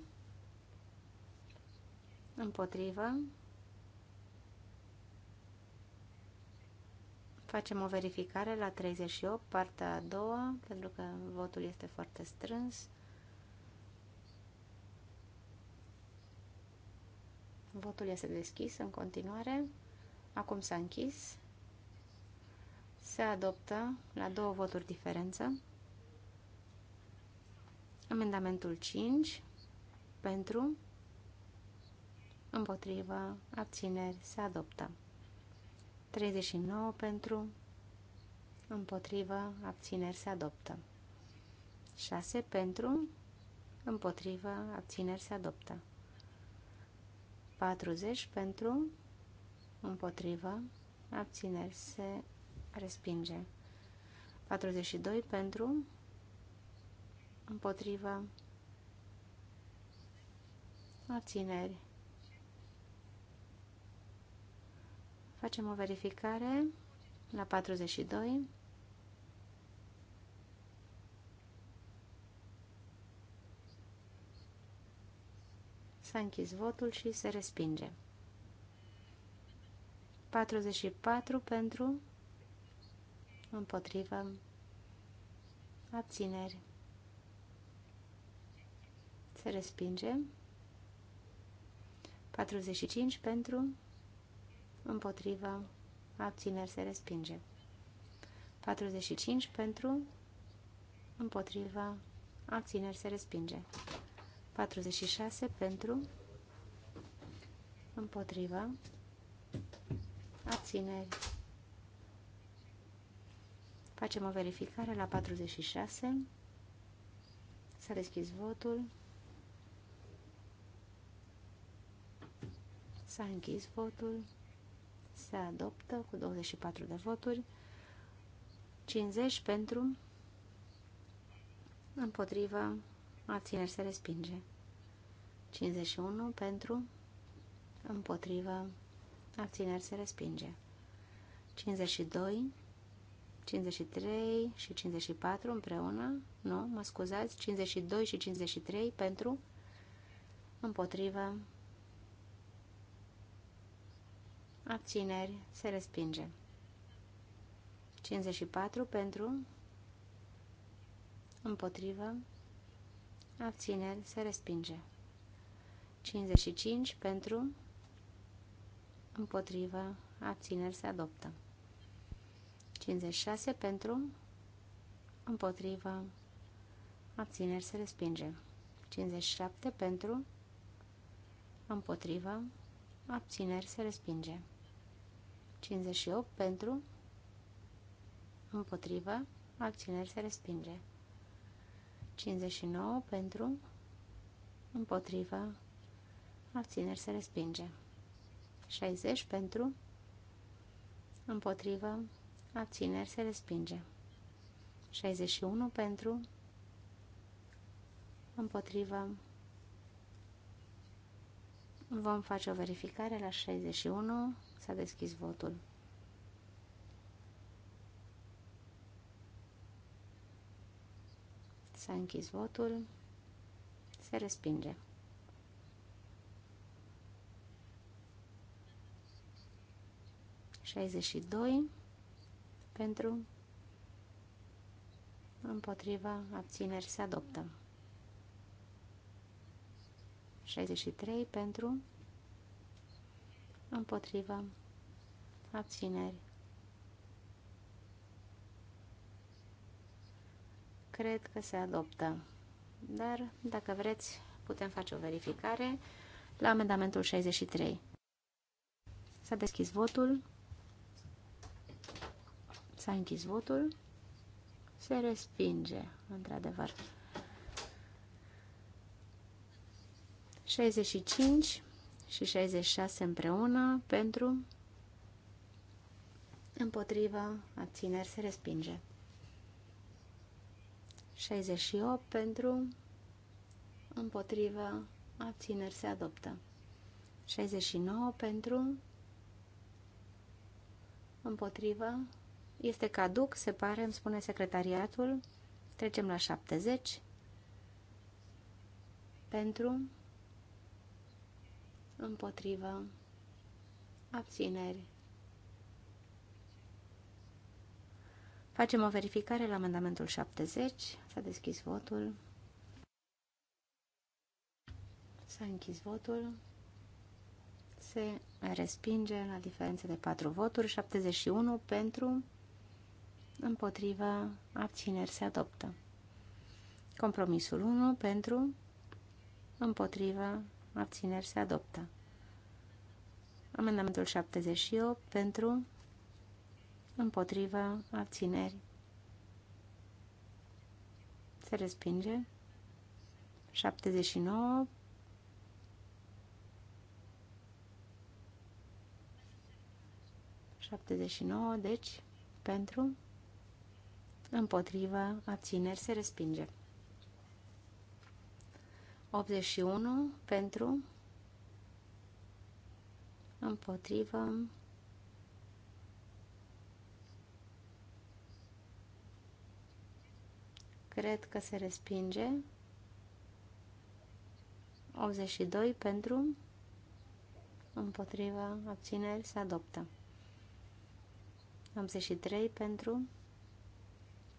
împotrivă, facem o verificare la 38, partea a doua, pentru că votul este foarte strâns. Votul este deschis în continuare. Acum s-a închis. Se adoptă la două voturi diferență. Amendamentul 5 pentru, împotrivă, abțineri, se adoptă. 39 pentru, împotrivă, abțineri, se adoptă. 6 pentru, împotrivă, abțineri, se adoptă. 40 pentru, împotrivă, abțineri, se respinge. 42 pentru, împotrivă, abțineri. Facem o verificare la 42. S-a închis votul și se respinge. 44 pentru, împotrivă, abțineri. Se respinge. 45 pentru, împotrivă, abțineri se respinge. 45 pentru, împotrivă, abțineri se respinge. 46 pentru, împotriva, abțineri. Facem o verificare la 46. S-a deschis votul. S-a închis votul. Se adoptă cu 24 de voturi. 50 pentru, împotriva, abțineri se respinge. 51 pentru, împotrivă, abțineri se respinge. 52, 53 și 54 împreună, nu, mă scuzați, 52 și 53 pentru, împotrivă, abțineri se respinge. 54 pentru, împotrivă, abțineri, se respinge. 55 pentru, împotrivă, abțineri, se adoptă. 56 pentru, împotrivă, abțineri, se respinge. 57 pentru, împotrivă, abțineri, se respinge. 58 pentru, împotrivă, abțineri, se respinge. 59 pentru, împotriva, abțineri se respinge. 60 pentru, împotriva, abțineri se respinge. 61 pentru, împotriva, vom face o verificare la 61, s-a deschis votul. S-a închis votul. Se respinge. doi pentru împotriva abțineri se adoptă. 63 pentru împotriva abțineri cred că se adoptă. Dar, dacă vreți, putem face o verificare la amendamentul 63. S-a deschis votul. S-a închis votul. Se respinge, într-adevăr. 65 și 66 împreună pentru împotriva abțineri se respinge. 68 pentru, împotrivă, abțineri se adoptă. 69 pentru, împotrivă, este caduc, se pare, îmi spune secretariatul. Trecem la 70 pentru, împotrivă, abțineri Facem o verificare la amendamentul 70. S-a deschis votul. S-a închis votul. Se respinge la diferență de 4 voturi. 71 pentru, împotriva, abțineri se adoptă. Compromisul 1 pentru, împotriva, abțineri se adoptă. Amendamentul 78 pentru, împotriva, abțineri. Se respinge. 79 79, deci, pentru, împotriva, abțineri, se respinge. 81, pentru, împotriva, Cred că se respinge. 82 pentru, împotriva, abțineri, se adoptă. 83 pentru,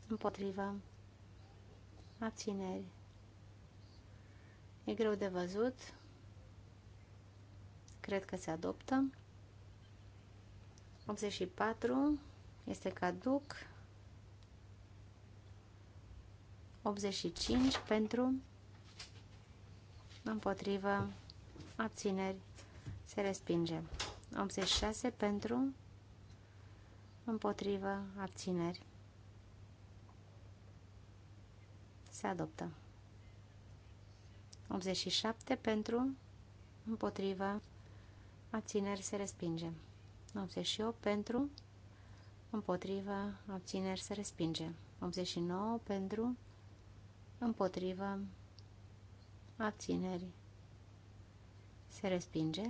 împotriva, abțineri. E greu de văzut. Cred că se adoptă. 84 este caduc. 85 pentru, împotrivă, abțineri, se respinge. 86 pentru, împotrivă, abțineri, se adoptă. 87 pentru, împotrivă, abțineri, se respinge. 88 pentru, împotrivă, abțineri, se respinge. 89 pentru, împotriva abținerii. se respinge.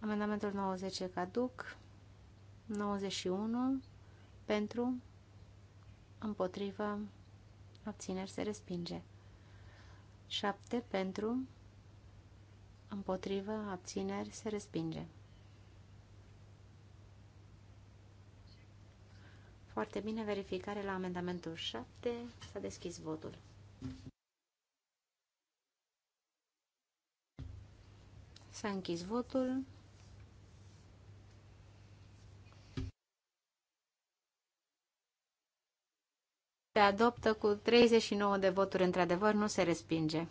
Amendamentul 90 caduc, 91 pentru, împotriva abțineri, se respinge. 7 pentru, împotriva abțineri, se respinge. Foarte bine, verificare la amendamentul 7. S-a deschis votul. S-a închis votul. Se adoptă cu 39 de voturi într-adevăr, nu se respinge.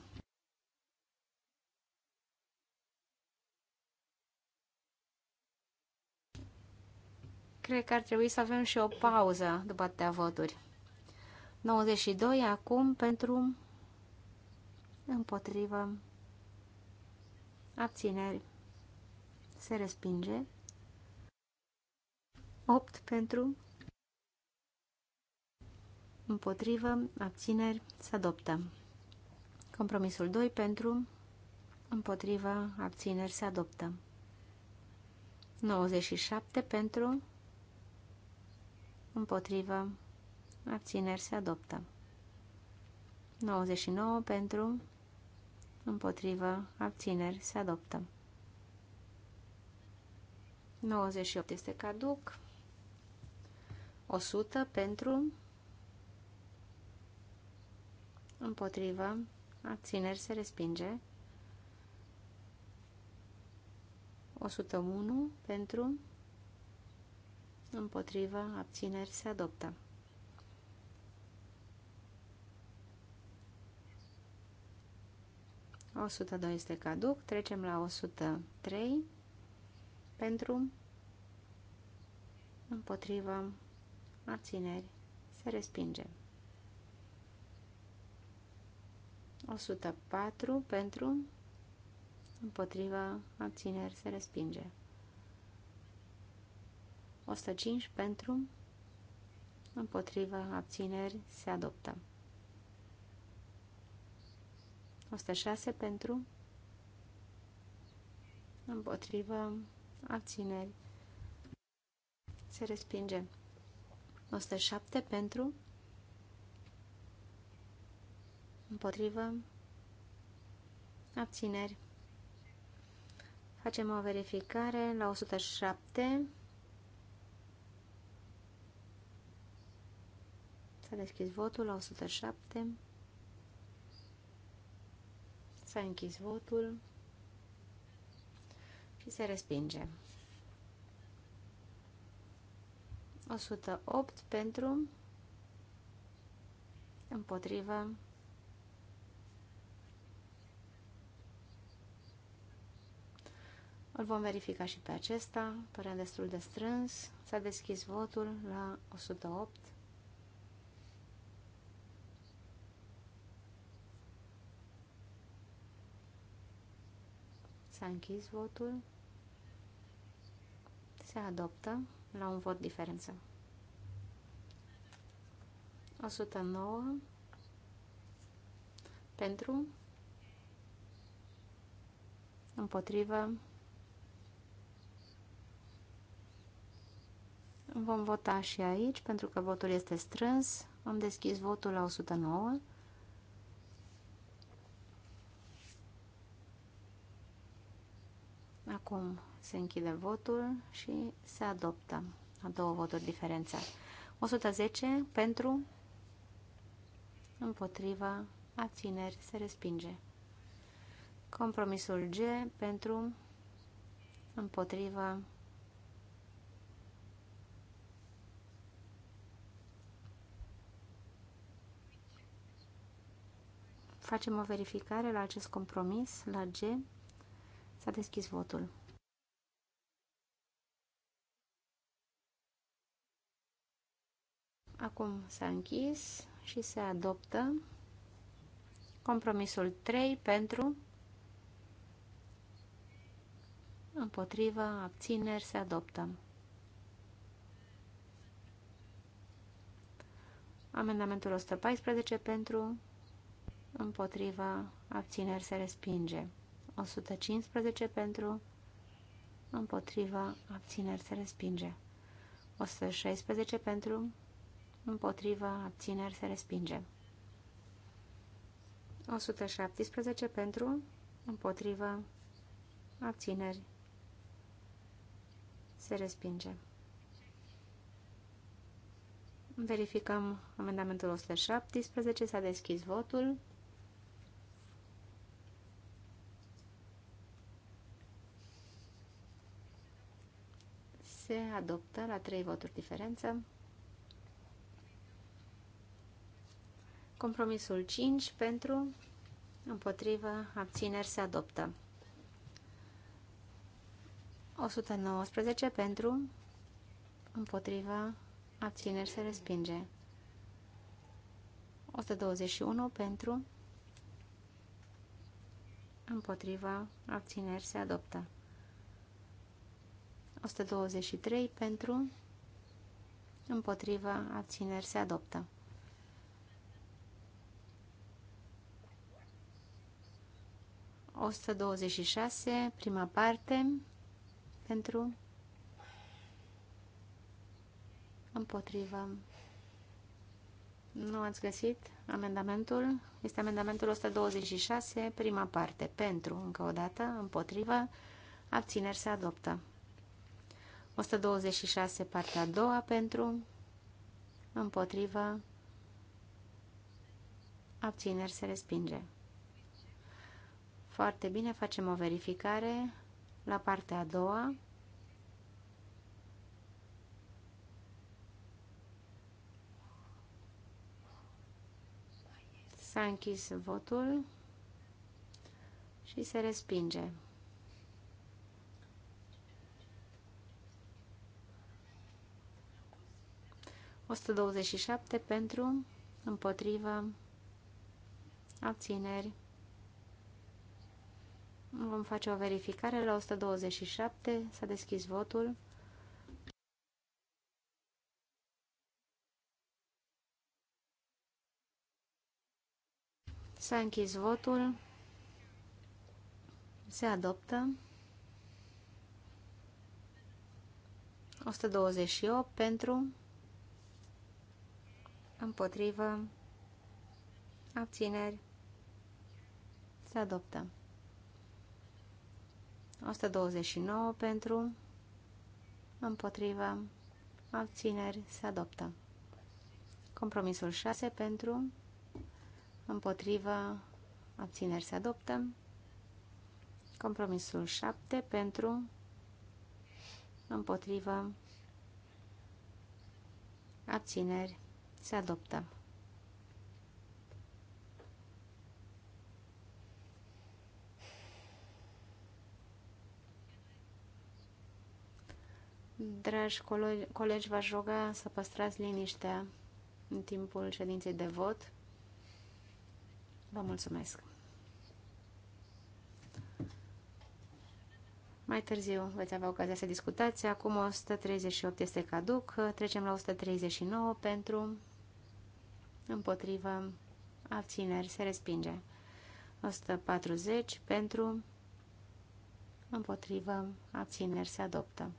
cred că ar trebui să avem și o pauză după atâtea voturi. 92 acum pentru împotrivă abțineri se respinge 8 pentru împotrivă abțineri se adoptă compromisul 2 pentru împotrivă abțineri se adoptă 97 pentru împotrivă, abțineri se adoptă. 99 pentru, împotrivă, abțineri se adoptă. 98 este caduc, 100 pentru, împotrivă, abțineri se respinge, 101 pentru, împotriva, abțineri se adoptă. O este caduc, trecem la 103 pentru, împotriva, abțineri se respinge. 104 pentru, împotriva, abțineri se respinge. 105 pentru, împotriva abțineri, se adoptă. 106 pentru, împotriva abțineri, se respinge. 107 pentru, împotriva abțineri. Facem o verificare la 107 S-a deschis votul la 107. S-a închis votul și se respinge. 108 pentru împotrivă Îl vom verifica și pe acesta, părea destul de strâns. S-a deschis votul la 108. S-a închis votul. Se adoptă la un vot diferență. 109 pentru împotrivă Vom vota și aici, pentru că votul este strâns. Am deschis votul la 109. Acum se închide votul și se adoptă. A două voturi diferența. 110 pentru, împotriva, abțineri, se respinge. Compromisul G pentru, împotriva, Facem o verificare la acest compromis, la G. S-a deschis votul. Acum s-a închis și se adoptă compromisul 3 pentru împotriva abțineri, se adoptă. Amendamentul 114 pentru împotriva, abțineri, se respinge. 115 pentru împotriva, abțineri, se respinge. 116 pentru împotrivă, abțineri, se respinge. 117 pentru, împotrivă, abțineri, se respinge. Verificăm amendamentul 117, s-a deschis votul. Se adoptă la 3 voturi diferență. Compromisul 5 pentru, împotrivă, abțineri se adoptă. 119 pentru, împotrivă, abțineri se respinge. 121 pentru, împotrivă, abțineri se adoptă. 123 pentru, împotrivă, abțineri se adoptă. 126, prima parte, pentru, împotrivă. Nu ați găsit amendamentul? Este amendamentul 126, prima parte, pentru, încă o dată, împotrivă, abțineri se adoptă. 126, partea a doua, pentru, împotrivă, abțineri se respinge. Foarte bine, facem o verificare la partea a doua. S-a închis votul și se respinge. Osta 27 pentru, împotriva abțineri. Vom face o verificare la 127. S-a deschis votul. S-a închis votul. Se adoptă. 128 pentru, împotrivă, abțineri, se adoptă. 129 pentru, împotrivă, abțineri, se adoptă. Compromisul 6 pentru, împotrivă, abțineri, se adoptă. Compromisul 7 pentru, împotrivă, abțineri, se adoptă. Dragi colegi, colegi v-aș ruga să păstrați liniștea în timpul ședinței de vot. Vă mulțumesc. Mai târziu veți avea ocazia să discutați. Acum 138 este caduc. Trecem la 139 pentru împotrivă abțineri. Se respinge. 140 pentru împotrivă abțineri. Se adoptă.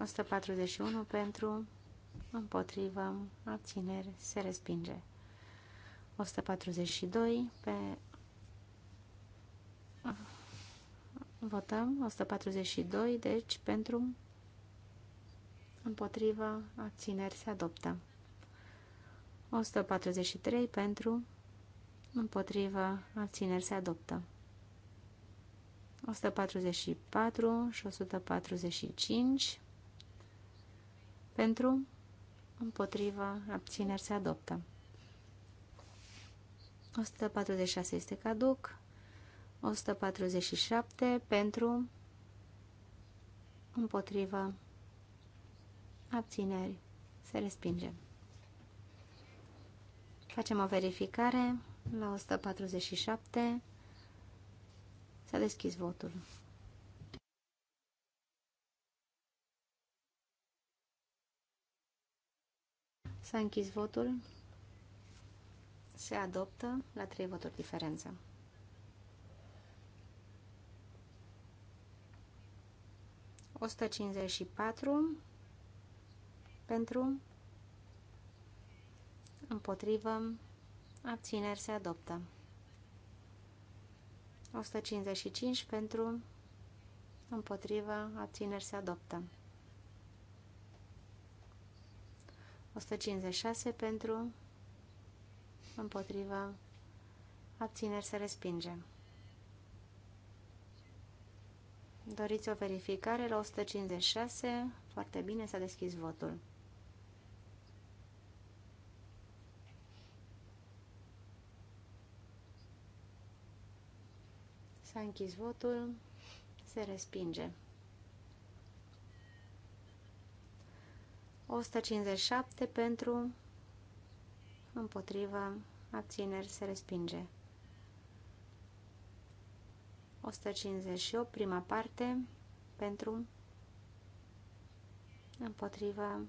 141 pentru, împotrivă, abțineri, se respinge. 142 pe... Votăm 142, deci pentru, împotrivă, abțineri, se adoptă. 143 pentru, împotrivă, abțineri, se adoptă. 144 și 145 pentru, împotriva abțineri se adoptă. 146 este caduc, 147 pentru, împotriva abțineri se respinge. Facem o verificare la 147. S-a deschis votul. S-a închis votul. Se adoptă la trei voturi diferență. patru pentru împotrivă abțineri se adoptă. 155 pentru împotrivă abțineri se adoptă. 156 pentru, împotriva, abțineri să respinge. Doriți o verificare la 156? Foarte bine, s-a deschis votul. S-a închis votul, se respinge. 157 pentru, împotriva abțineri se respinge. 158, prima parte, pentru, împotriva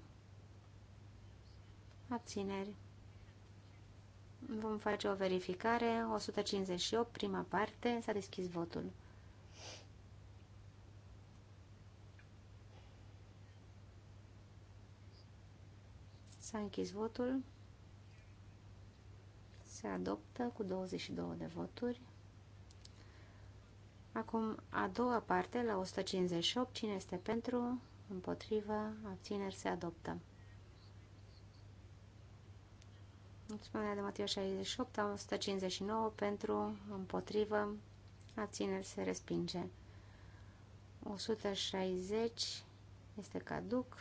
abțineri. Vom face o verificare, 158, prima parte, s-a deschis votul. S-a închis votul. Se adoptă cu 22 de voturi. Acum, a doua parte, la 158, cine este pentru, împotrivă, abțineri, se adoptă. Expunerea de Matiu 68, 159 pentru, împotrivă, abțineri se respinge. 160 este caduc.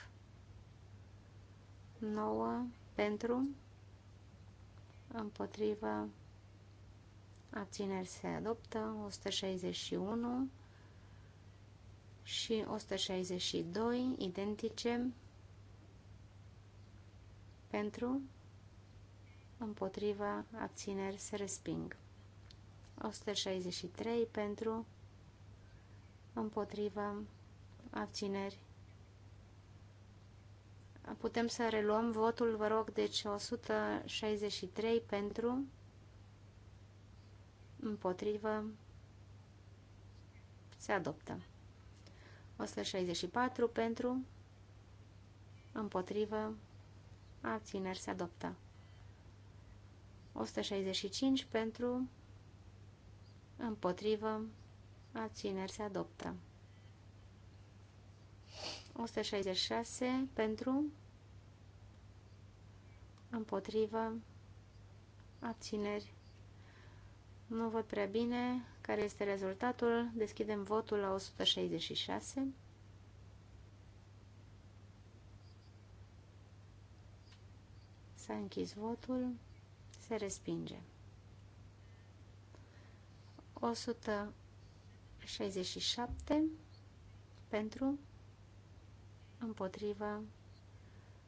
9 pentru, împotrivă, abțineri se adoptă, 161 și 162 identice pentru, împotriva, abțineri se resping. 163 pentru, împotriva, abțineri Putem să reluăm votul, vă rog, deci 163 pentru, împotrivă, se adoptă. 164 pentru, împotrivă, abțineri se adoptă. 165 pentru, împotrivă, abțineri se adoptă. 166 pentru, împotrivă, abțineri. Nu văd prea bine care este rezultatul. Deschidem votul la 166. S-a închis votul, se respinge. 167 pentru împotrivă,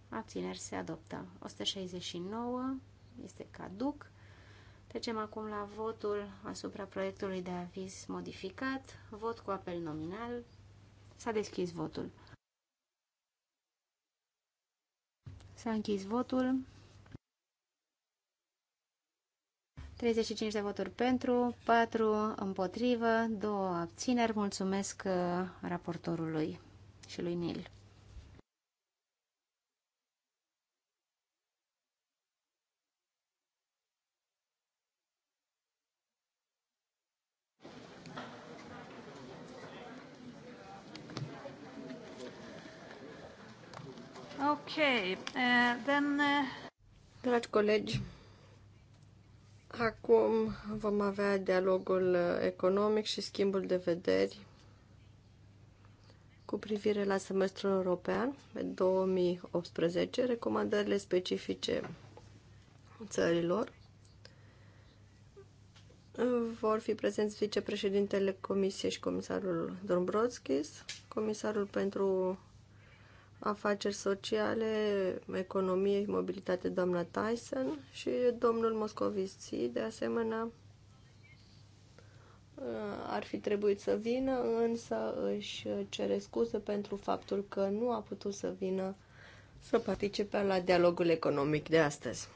abțineri se adoptă. 169 este caduc. Trecem acum la votul asupra proiectului de aviz modificat. Vot cu apel nominal. S-a deschis votul. S-a închis votul. 35 de voturi pentru, 4 împotrivă, 2 abțineri. Mulțumesc uh, raportorului și lui Nil. Ok, eh, then... Eh, Dragi colegi, acum vom avea dialogul eh, economic și schimbul de vederi cu privire la semestrul european pe 2018, recomandările specifice țărilor. Vor fi prezenți vicepreședintele Comisiei și comisarul Dombrovskis, comisarul pentru afaceri sociale, economie și mobilitate, doamna Tyson și domnul Moscovici, de asemenea, uh, ar fi trebuit să vină, însă își cere scuze pentru faptul că nu a putut să vină să participe la dialogul economic de astăzi.